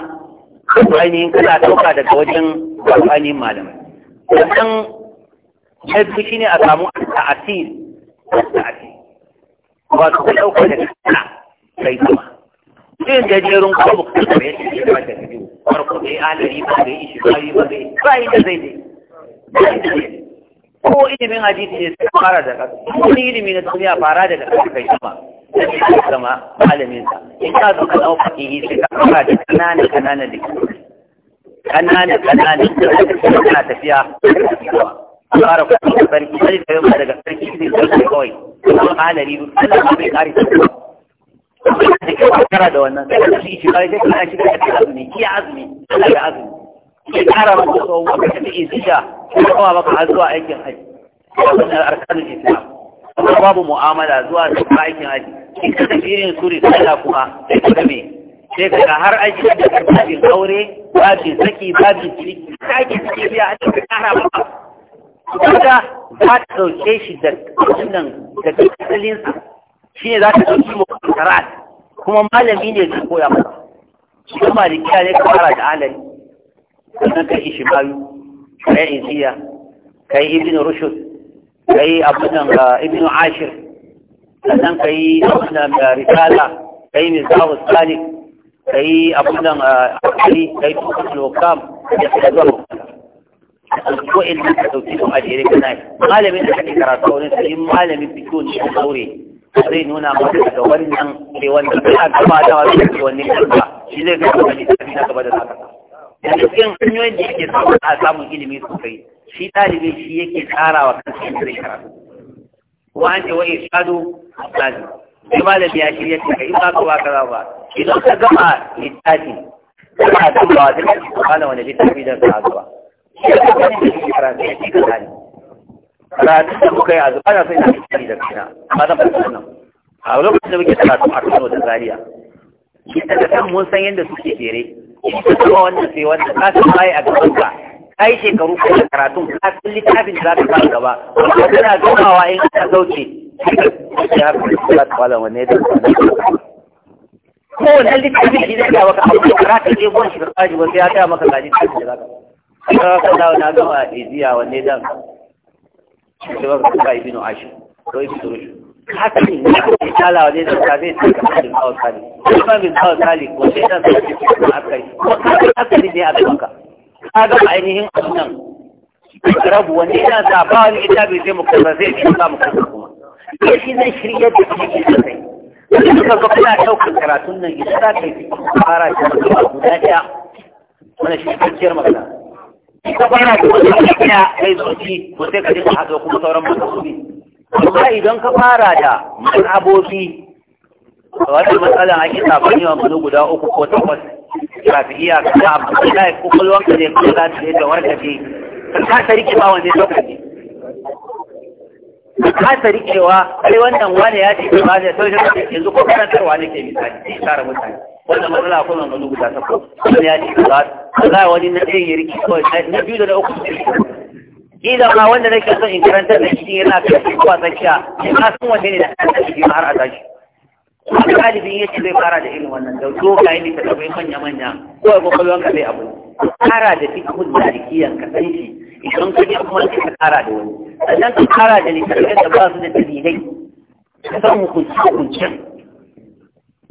ainihin kana ɗauka daga wajen ainihin malam sannan na biyu shi ne a samu a asiri wato ɗauka daga kana sai kuma. yin gajerun kuma mutum da ya ce shi ba ta fi farko da ya alari ba da ya ishi bayi ba da ya ba yi da zai dai ko ilimin hadisi ne sai fara da kasa wani ilimi na duniya fara da kasa kai sama sai zama malamin sa in ka zo ka dauka ihi sai ka fara da kanana kanana da kanana kanana da kana tafiya fara kuma sarki sai ka yi daga sarki sai ka kawai kuma alari Allah bai kare ta a da wannan sai ka shi har zuwa aikin babu mu'amala zuwa aikin aji. ki ka irin suri sai kuma sai ka ka har aiki da aure babin saki babin ciniki ka ake ciki biya a cikin kara maka ta dauke shi da wannan da asalinsa shi ne za ka ɗauki mukarat kuma malami ne zai koya masa Su kuma malikiya ne ka fara da alali sannan ka yi shimayu ka yi isiya ka yi ibn rushud ka yi abunan ah, ibn ashir sannan ka yi abunan ah, risala ka yi mizahu salik ka yi abunan akali ah, ka yi tukul wakam da ka zuwa wakam ko in ka sauti don a jere kana malamin da kake karatu wani sai malamin fito ne a saurayi zai nuna maka daga wannan sai wanda sai a gaba da wasu ke wani kanka shi zai gaba da littafi na gaba da zaka sa yanzu cikin hanyoyin da yake samun a samun ilimi sosai shi ɗalibi shi yake tsara wa kansa yadda zai karatu wa an ce wa irshadu ɗalibi sai malami ya shirya ce kai ba ka ba ka ba idan ka gama littafi a gama wa zai ka wani littafi da ka gaba shi ka gani da shi karatu ya ci ka zani karatun da muka yi a zuwa na sai na kari da kaina amma zan fara nan a lokacin da muke karatu a Kano da Zaria ita da kan mun san yadda suke fere ta zama wannan sai wanda ka san ai a gaban ka kai shekaru ko karatun ka san littafin da za ka fara gaba kuma kana gamawa in ka zauce ya kula da wala wanne da ko wannan littafin da zai ga maka abu karatu ne gon shi ka kaji ba sai ya ta maka gaji da zaka ka ka dawo na a iziya wanne dan da ba ka kai ibnu ashir ko ibnu rushd haka ne ya tala wa zai zauka zai tsaka kalin kawo tsali kuma bin kawo tsali ko sai dan zai tsaka akai ko kai akali ne a gabanka ka ga ainihin annan rabu wani yana sa ba wani ita bai zai muka ba zai tsaka muka kuma shi zai shirya da shi sosai ka ga kuna ɗaukar karatun nan idan za ka yi fara shi guda ɗaya wani shi kakkiyar magana kuma idan ka fara da mazhabobi wannan matsalan ake sabani wa mu guda uku ko takwas shafi'iyya kaza abdullahi ko kullum ka je kuma za ta yi da warkace ka kasa rike ba wanda ya wanne ne ka kasa rikewa kai wannan wani ya ce ba zai sau da yanzu ko karantarwa ne ke misali sai tara mutane wannan matsala ko nan gano guda takwas wani ya ce kaza kaza wani na ɗaya ya riki kawai na biyu da na uku kila ma wanda nake son in karanta da shi yana kai ko a tsakiya ina san wanne ne da ta shi har a tashi Kuma ɗalibin ya ce zai fara da irin wannan da zo ka yi da tabai manya manya ko ya kwakwalwan ka zai abu kara da fikihun malikiyan ka san shi idan ka je kuma ka kara da wani sannan ka fara da littattafai da ba su da dalilai ka san mu hukunci hukuncin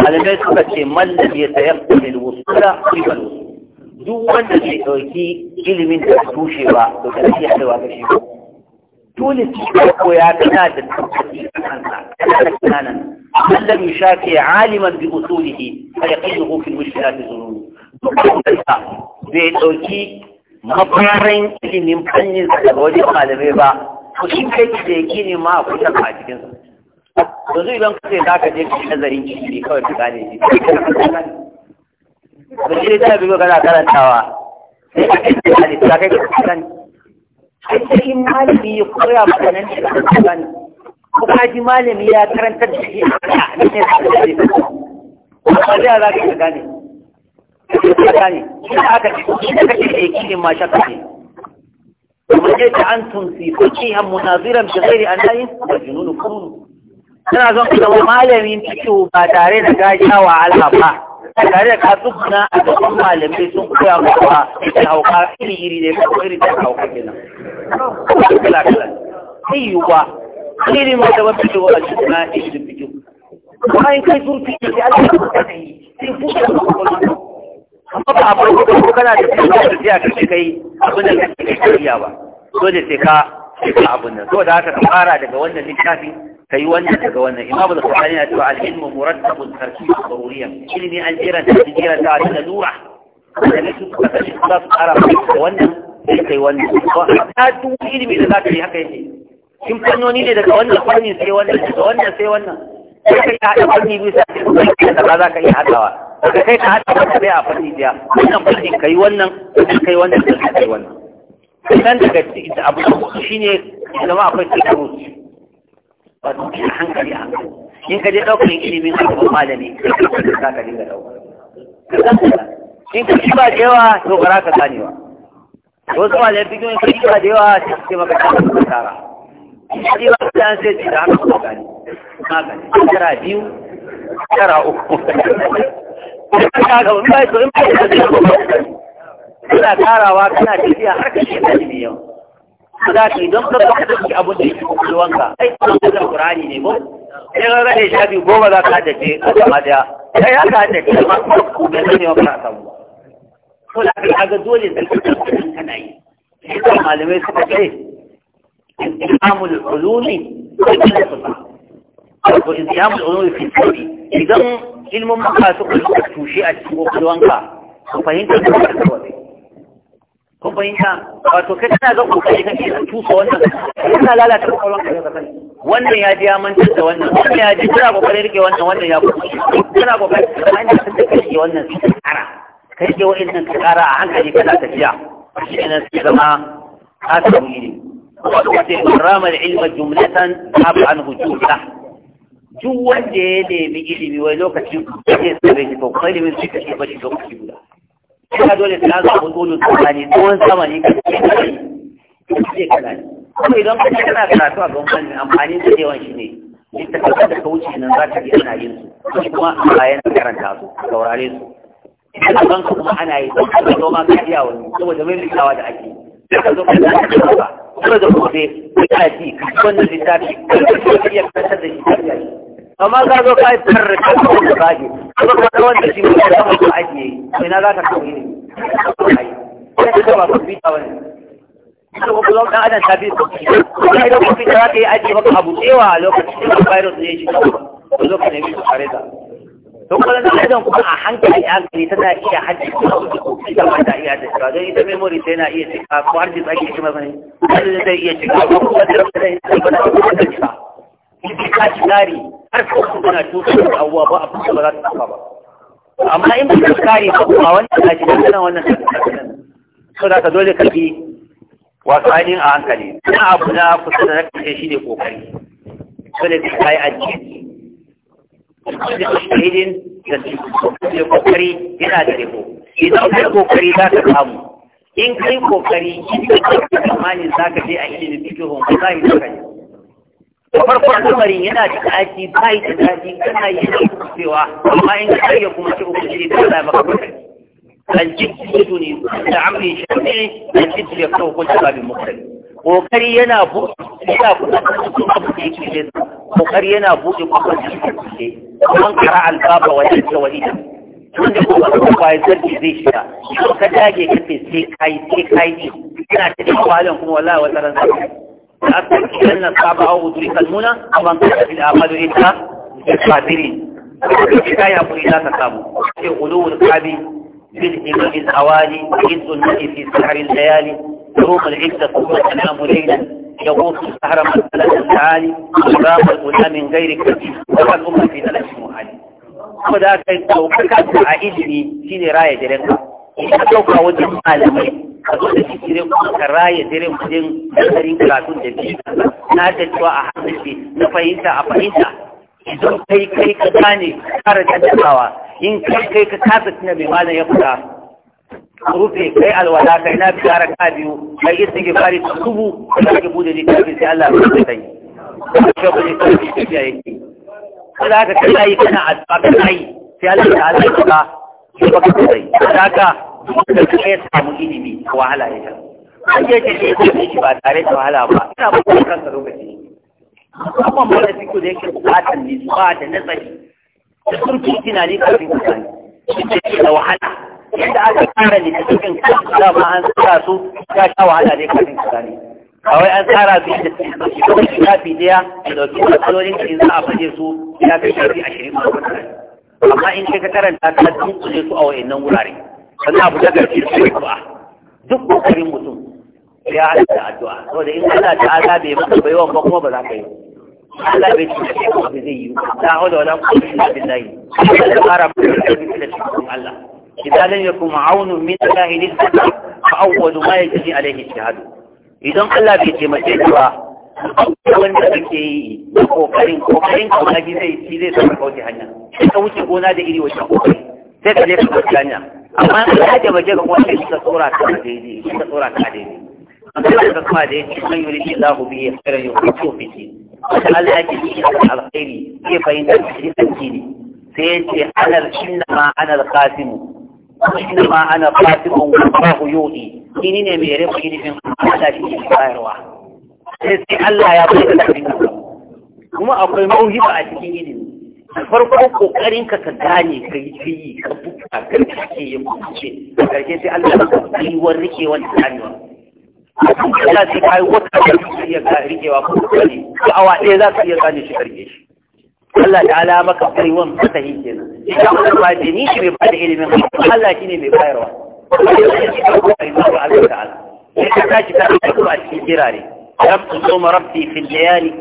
malamai suka ce mallam ya tayar da ilwusula ribar duk wanda zai ɗauki ilimin da tushe ba da shi haɗewa ga shi dole shi ko ya kana da tabbaci a kansa kana da kananan mallam ya shafe aliman bi usulihi fa yaqinuhu fil mushkilat zunun duk wanda zai ɗauki mafarin ilimin fannin daga wajen malamai ba to shi kai da yake ne ma akwai saka a cikinsa yanzu idan kace za ka je kai nazarin ne kawai ka gane shi ba shi ta biyo kana karantawa sai a kai gane ta kai ka gane sai in malami ya koya maka nan da ka gane ko ka ji malami ya karantar da shi a ne ne ka ji ba za ka gane ka gane shi aka ce shi da kake da yakinin ma shakka ne وجئت عنتم في فقيها مناظرا بغير أناء وجنون كرون kana zan zama malamin fikihu ba tare da ka wa wahala ba tare da ka suna a cikin malamai sun koya maka da hauka iri iri da ka iri da hauka kenan kala kala sai yuwa ilimin da ba fikihu a cikin na ilimin fikihu kuma in kai sun fi da Allah ya yi. sai fuka amma ba abin da ko kana da fikihu da kai kai abin da kake kai ba dole sai ka sai ka abin nan da haka ka fara daga wannan littafin kai wannan daga wannan imamu da kwanani na cewa al'ilmu murattabun tarki da daruriya ilimi an jira ta jira ta da lura da ne su ka tashi za su tsara da wannan sai kai wannan ta duk ilimi da za ka yi haka yake kin fannoni ne daga wannan fanni sai wannan daga wannan sai wannan sai kai ta haɗa fanni biyu sai kai da ba za ka iya haɗawa daga kai ka haɗa wata bai a fanni biya wannan fanni kai wannan kai wannan kai wannan sannan daga abu shi ne zama akwai tsakanin ba in ka je ɗaukar ilimin ka kuma malami za ka dinga ɗaukar in ka ba da yawa to ba za ka ganewa to zuwa da in ka ba da yawa ce maka ta tara ba an sai da haka ka gani magani biyu uku kana karawa kana tafiya har ka shi da yau za ka yi don ka da ɗauki abin da yake kwakwalwanka ai kuma da zan ƙurani ne ko sai ka gane shafi goma za ka haddace ka gama da Sai ya ka haddace amma ko ka zan yi wa fara samu ko da ka ga dole sai kana yi shi malamai suka ce imamul ulumi ko kana su ba ko fi tsari idan ilmin maka suka tushe a cikin kwakwalwanka ka fahimta da kwakwalwanka kun fahimta wato kai tana ga kokari kake da tusa wannan kana lalata kokarin ka da wannan ya ji ya manta da wannan wannan ya ji kana kokari rike wannan wannan ya kuma kana kokari an da tafi rike wannan tsara kai ke wa'annan ka tsara a hankali kana tafiya shine sai zama ka samu ilimi wato sai rama da ilma jumlatan ab an hujula duk wanda ya nemi ilimi wai lokacin da ke tsare shi ko kai ne shi kake bari lokaci guda kuma dole sai an samu dole tsakani tsawon sama ne kake kana yi. kuma idan kuma kana karatu a gwamnati amfani da yawan shi ne littattafan da ka wuce nan za ta ji ana yin su kuma a yana karanta su saurare su idan ban ka kuma ana yi don ka zo ma ka iya wani saboda mai littawa da ake ka zo ka zaka ka ba kuma da gobe ka ji wannan littafi ka iya karantar da shi ka shi. amma za zo ka yi tarra ka zo ka zage ka zo ka da wanda shi ka samu ka ajiye to ina za ka kawo ne sai ka ba ku bi ta wani ko ku zo dan adam ta bi ku kai da ku bi ta kai ajiye ba abu tsewa lokacin da virus ne shi ko zo ka ne ku ta to kuma dan adam kuma a hankali hankali tana iya haɗe ta iya da don ita memory ta na iya cika ko har ji kuma ne iya kuma da ba ta in ka ci tsari har ka wasu tana tutar da abuwa ba abin da ba za ta tafa ba amma in ba ka tsari ba kuma wannan ta ci dangana wannan ta ji dangana so da ka dole ka bi wasu ainihin a hankali Ina abu na kusa da na shi ne kokari dole ka kayi kusa da ne da su da kokari yana da rebo idan kai kokari za ka samu in kai kokari in ka kai tsammanin za ka je a ilimin fikihun ka za ka yi farko al'amarin yana da daji bai da daji kana yi da kusurcewa amma in ka iya kuma ci uku ne da Allah maka kusurci aljid yudu ne da amri shi ne aljid ya kawo kun taba bin mukarri kokari yana buɗe yana kuma kuma abu da yake da kokari yana buɗe kuma da yake da kuma kara albaba wajen ta wani tun da kuma kuma ba ya zai shiga shi ka dage kace sai kai sai kai ne kana cikin kwalin kuma wala wata ran zai لأتمكن الصعب أو أدرك المنى ومن تحت الأعمال إلا القادرين الحكاية أقول لا تقاموا في غلو الكعب في الإمام الأوالي عز الماء في سحر الليالي يروم العزة ثم تنام ليلا يغوص السهر من ثلاث التعالي وغاب الأولى من غير كثير وقد أمة في ثلاث معالي وذاك يتوقع على إذني في راية رنقة ina ɗauka wajen malamai ka zo da fikire kuma ka raya dare wajen karatun da biyu na da cewa a hadisi na fahimta a fahimta idan kai kai ka gane kara tattabawa in kai kai ka kasa tuna mai malam ya fita rufe kai alwala kai na fi kara ka biyu kai istighfari ta kubu ka ke bude littafin sai Allah ya fita yi ka ku ne sai ke tafiya yake kada ka kai kana addu'a kai sai Allah ya alƙa shi ba ka sai da ka da kuma ya samu ilimi a wahala ya ta an je ce ya ce shi ba tare da wahala ba ina ba ku kanka lokaci amma mun da fiko da yake bukatan ne ba da nazari da surfin tunani kafin mutane shi ne da wahala yadda aka tsara ne da cikin da ba an tsara su ya sha wahala ne kafin tunani kawai an tsara su da su shafi daya da dauki matsalolin da za a fage su ya fi shafi ashirin masu mutane amma in kai ka karanta ta dunkule su a wayannan wurare sannan abu da garfi su ba duk kokarin mutum ya haɗa da addu'a saboda in Allah ta'ala bai maka bai ba kuma ba za ka yi Allah bai ci da kuma zai yi ta hawla wala quwwata da billahi Allah ya fara ku da cikin Allah idan lam yakun ma'aunun min Allah lil fa awwalu ma yaji alaihi shahadu idan Allah bai taimake ka ba wanda kake yi da kokarin kokarin kuma shi zai shi zai saka kauce hanya sai ka wuce gona da iri wajen kokari sai ka je ka kauce hanya amma in ka je baje ga sai ka tsora ta daidai ka tsora ta daidai amma ka kuma da yake man yuri shi za ku biye kare yau ku ko fice wata Allah yake yi alkhairi ke fahimta shi addini sai ya ce anal inna ma anal qasimu inna ma ana qasimun wa ku yu'i Kini ne mai rabu ilmin Allah shi ke bayarwa sai sai Allah ya bai ka kuma akwai mauhiba a cikin ilimi farko kokarin ka ka gane ka yi fiyi ka buka ka kake yin kuce a karshe sai Allah ya ka yiwuwar wani da ganewa a kan kala sai ka yi wata da ka iya rikewa ko ka ko awa ɗaya za ka iya gane shi karke shi Allah ta ala maka baiwan yi kenan idan Allah ba da ni shi mai bada ilimin Allah shine mai bayarwa Allah ya ce ka Allah ta'ala sai ka tashi ka a cikin kirare. يبقل يوم ربي في الليالي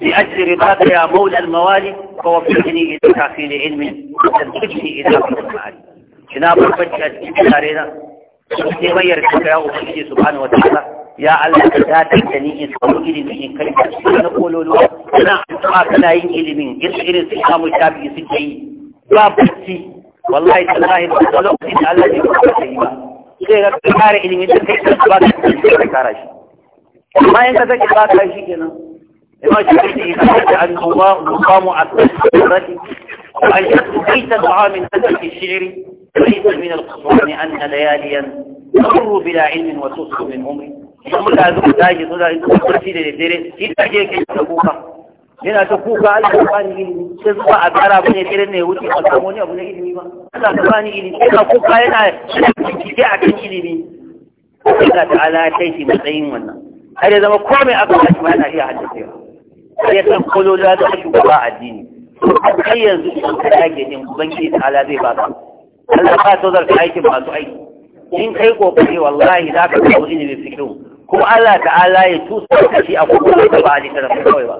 لأجل رضاك يا مولى الموالي فوفقني إذا كافي لعلم وتنفجني إذا كنت المعالي جناب ربك أتكارينا سبحانه وتعالى يا أبي سبحانه وتعالى يا الله لا تحتني إن صلو إلي من كريم نقول له أنا أتعاك لا ينجل من إذن إن صحام الشابي سجعي لا بسي والله تلاهي بصلو إن الله يبقى سيما غير التكاري إلي من تكيس الشباب تكاري شيء amma ka zaki ba ka shi kenan imam shafi'i ya ce annahu ma yuqamu at-tashrati wa an yakun baita du'a min hadhihi ash-shi'ri laysa min al-qaswan anna layaliyan تمر بلا علم وتصف من عمري idan muka zo da ji so da in kuma da dare shi ta je ke ta kuka yana ta kuka Allah ya bani ilimi sai zuwa a tsara bane dare ne wuce a samu wani abu na ilimi ba Allah ya bani ilimi yana kuka yana cike a kan ilimi Allah ta'ala ya kai shi matsayin wannan har ya zama komai aka yi kashi ba yana iya haddacewa har ya san kololuwa da shugaba addini kai yanzu idan ka dage din ubangiji ta ala zai baka Allah ba ta zarta aikin masu aiki in kai kokari wallahi za ka kawo ilimin fikihu ko Allah ta'ala ya tusa kashi a kuma da ba a littafin kawai ba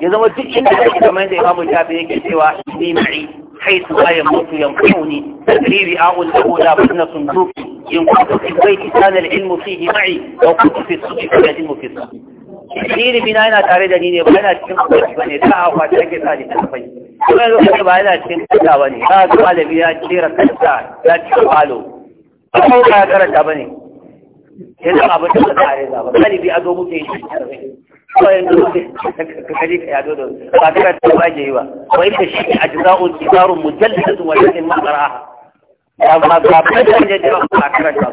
ya zama duk inda kake kamar da imamu shafi yake cewa ni ma'i حيث لا يموت ينقعني تدريبي أعود أولى بطن صندوق إن كنت في البيت كان العلم فيه معي أو كنت في السوق كان العلم في السوق shiri bina yana tare da ni ne ba yana cikin kwaci ba ne ta a kwaci ake sa ne tafai kuma yanzu ba yana cikin kwaci ba ne ta ga malami ya cera kanta ya ci falo ba kuma ya karanta ba ne yanzu abin da ta tare da ba galibi a zo muke yi kawai ka kaji ka yado da ba ta ba je ba wai ka shi ajza'u jisaru mujalladatu wa ba ba ka da je da ba ta ba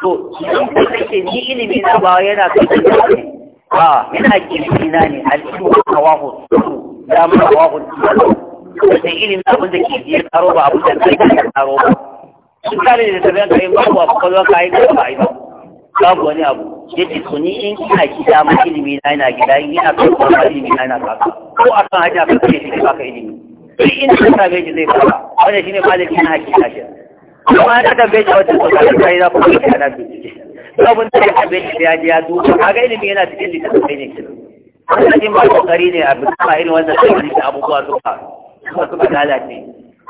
to idan ka kace ni ilimi na ba yana ka ba yana kirki na ne al-ilmu hawahu da ma hawahu da ilimi abin da ke biye karo ba abin da kai ka karo ba su kare da tabiyan kai ba ba ko ka yi ba ba babu wani abu ya ce to ni in ina gida ma ilimi na ina gida in ina kai kuma ma ilimi na ina kaka ko a kan hajji a kan kai shi baka ilimi duk inda ka same shi zai kaka wanda shi ne malami na haƙi na shi kuma ta tambaye shi wata sauka ta kai za ku kuma ta na bincike abin da ya tambaye shi ya ji ya duba kaga ilimi yana cikin littattafai ne kenan wannan ma ba kokari ne a bisa irin wanda tsari da abubuwa suka suka suka lalace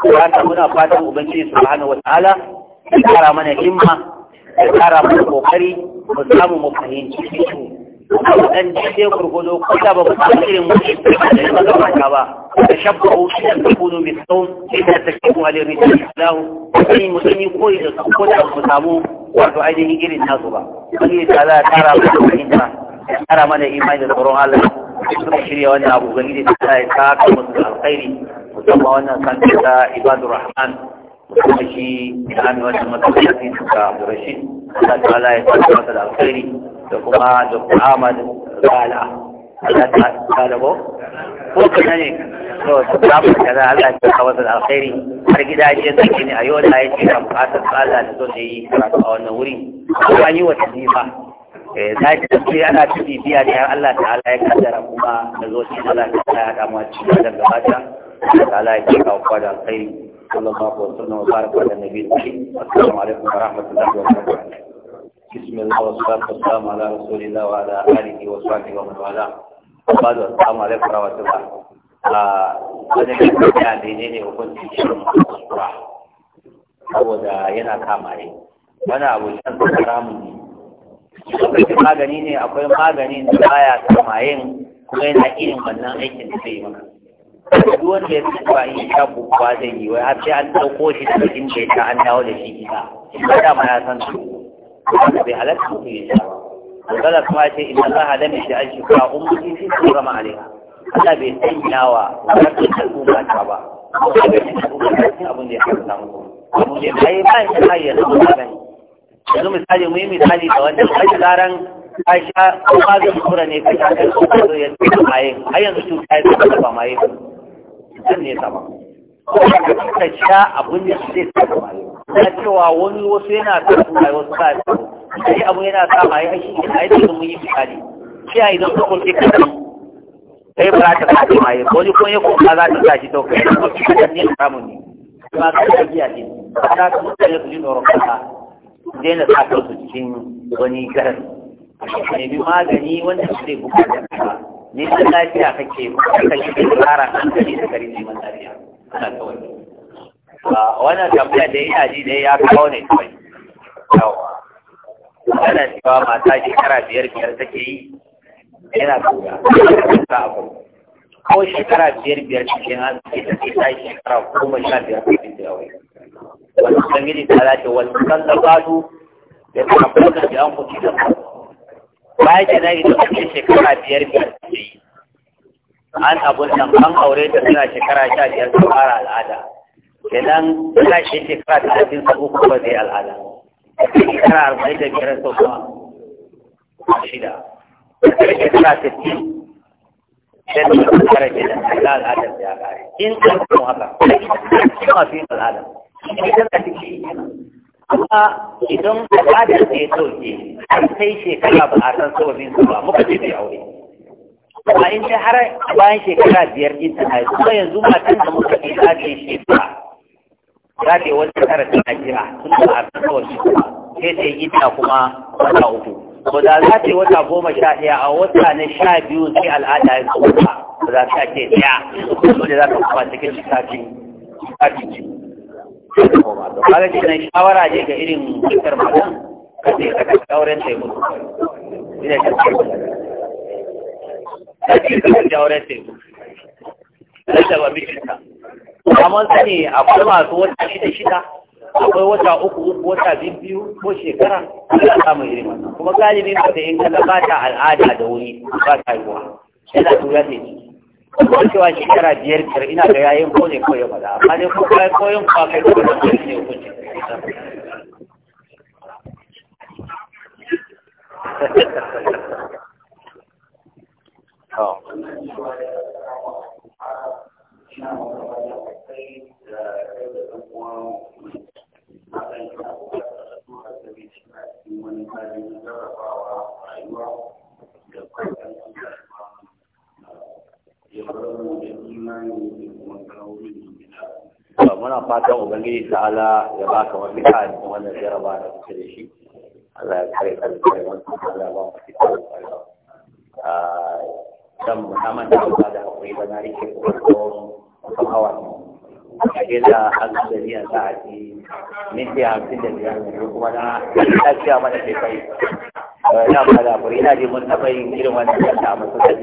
ko haka muna fatan ubangiji subhanahu ta'ala ya kara mana himma ya kara mu kokari mu samu mu fahimci su dan daidai gurgudu ko da ba mu san irin mutum da ya zama ba tashabbu an takunu bi sawm idan takunu ala rijal lahu sai mutumi koyi da su ko da mu samu wato ainihin irin nasu ba sai ta za ta tara mu fahimta Kara mana imani da tsoron Allah suka shirya wannan abu gani da ta ya saka musu alkhairi musamman wannan kan ta ibadur rahman kuma shi jami'in da matsalolin suka rashid Allah ta'ala ya tsaka masa da alkhairi da kuma da Dr. da ta ta ta'ala ko ko kana ne to sabu kaza Allah ya tsaka masa da alkhairi har gidaje take ne a yau da yake da bukatar Allah da zai da yi karatu a wannan wuri ko an yi wata nifa eh za ki tafi ana tafi biya da Allah ta'ala ya kaddara kuma da zo shi Allah ta ya damu a cikin da gabata Allah ya tsaka wa da alkhairi صلى الله وسلم وبارك على النبي الكريم السلام عليكم ورحمة الله وبركاته ala, الله والصلاة والسلام على رسول الله وعلى آله وصحبه ومن والاه وبعد السلام عليكم ورحمة الله wani gaskiya ne ne hukunci shirin kuskura saboda yana kama ne wani abu shan haramun ne lokacin magani ne akwai maganin da baya kama yin kuma yana irin wannan aikin da zai yi maka duk da ya fi ba yi ta bukwa zai yi wai har sai an dauko shi daga inda ya an dawo da shi gida ba da ma ya san su wanda bai halatta ku ya sha ba kala kuma ce in Allah halami shi an shi shi fi sallama alaiha Allah bai sanya wa wannan ba ta ba ko da bai sanya ta cikin abin da ya haramta musu abin da ya bai ba shi kai ya zama magani yanzu misali mu yi misali da wanda ba kai laran Aisha ko ba zai kura ne ka ta kai ko ya ce maye har yanzu cuta ya zama ba maye ba can ne sama ka sha abin da zai sa na cewa wani wasu yana sa su maye wasu sa su sai abu yana sa ma a shi a yi mun yi misali shi a idan kuma ke kasan kai ba za ta sa ma maye wani kuma ya kuma za ta sa shi to kai ko ke kasan ne samun ne ba ka ta giya ne ba za ka mutane su ji tsoron kasa daina sa kansu cikin wani garin a shi ne bi magani wanda su zai bukata ne ta lafiya kake ka da tsara hankali da garin neman lafiya kana kawai wannan tambaya da ina ji da ya kawo ne kawai yawa ana cewa mata shekara biyar biyar take yi yana kura ta abu ko shekara biyar biyar cikin haske ta ce ta yi shekara goma sha biyar yi da Wannan wani sangini ta zace wani kan da da ta kafa da an kuci da kafa bayan jana'i da kake shekara biyar biyar da yi an abun nan an aure ta suna shekara sha biyar ta fara al'ada kenan suna shi shekara ta sa uku ba zai al'ada shekara arba'in da biyar sau kuma shida shekara sittin sai da mutum kare ke da shekara al'ada da ya kare in an kuma haka ita ta cikin masu yin al'ada ta amma idan al'adar da ya sauke an sai shekara ba a san sababin su ba muka ce da aure a in ta har bayan shekara biyar din ta haihu kuma yanzu matan da muka ce za ta yi shekara za ta yi wata tara ta jira sun ba a san sababin su ba sai ta yi ita kuma wata uku ko da za ta yi wata goma sha ɗaya a wata na sha biyu sai al'ada ya sauka ba za ta ce ɗaya ko da za ta kuma cikin shekara biyu kaga na shawara je ga irin mutar matan ka ce ka kashe auren ta yi mutu ina ta ce ka kashe auren ta yi mutu ta ba mijinta kamar sani akwai masu wata shida shida akwai wata uku uku wata biyu biyu ko shekara ana samun irin wannan kuma galibi ba ta in ka ta al'ada da wuri ba ta yi wa yana tura ta yi ko cewa shekara biyar biyar ina da yayin ko ne koyo da amma dai ko kai koyon ba kai ko da shi ne Oh. ba muna fatan ubangiji ta'ala ya baka wani kari wannan jaraba da kuke da shi Allah ya kare kare wannan Allah ba ku fita da kare a ah, dan musamman da ba da hakuri ba na rike ko ko hawa ne da hankali a sa'adi minti hamsin da biyar ne kuma na lafiya mana ke kai ba da hakuri ina ji mun taɓa yin irin wannan da ta masu da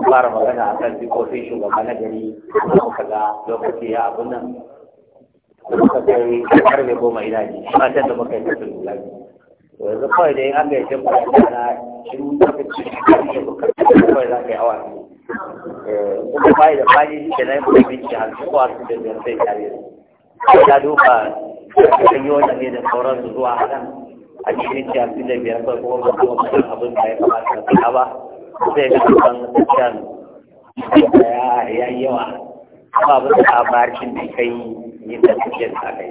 mun fara magana a kan jikofin shugaba na gari muka ga lokaci ya abu nan muka kai karfe goma ina ji matan da muka yi ta lura to yanzu kawai da yin an gaishe mu na shiru ta fi ci karfe muka kawai za ka yi awa ne eh, kuma bai da bayi shi ke nan kuma binci a cikin wasu da biyar sai tare ya duba kan yi wannan ne da sauran zuwa nan, a cikin cikin da biyar sai kuma ba kuma abin da ya kamata ka ba zai ga kan tattan ya yawa ba ba da barkin da kai yin da kake ta kai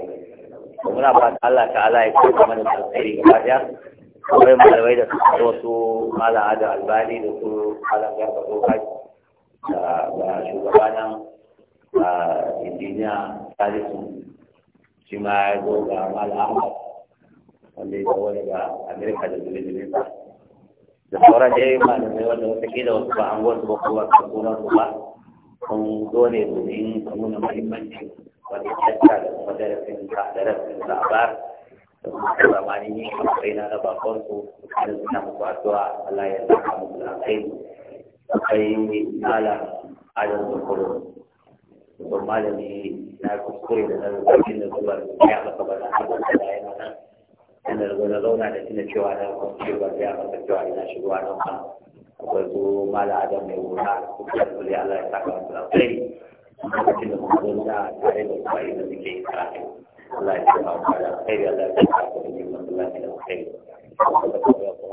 muna fata Allah ta'ala ya kuma mana tsari gaba daya akwai malamai da suka wasu malam ada albani da su malam garba tsokai da shugabanan injiniya salisu shi ma ya zo ga malam ahmad wanda ya zo daga amerika da zule-zule da sauran da ya yi malamai wanda wata da wasu ba an wasu ba kuma ka kuna su ba sun zo ne domin su nuna muhimmanci wani tattara da kuma darasin ka darasin labar da kuma zamanin yin kamfai na raba kwarsu da su na muku addu'a Allah ya saka da kai akwai ala adam da kuro malami na kuskure da na rubutun da zubar ya maka ba na haka da yana nan yana da na zauna da tuna cewa na kwanci ba sai aka cewa ina shigowa nan ba akwai su mala adam mai wura kuma da Allah ya saka musu da kai lokacin da muka zo da tare da kwaye da muke karatu Allah ya saka mu da Allah ya saka mu da kai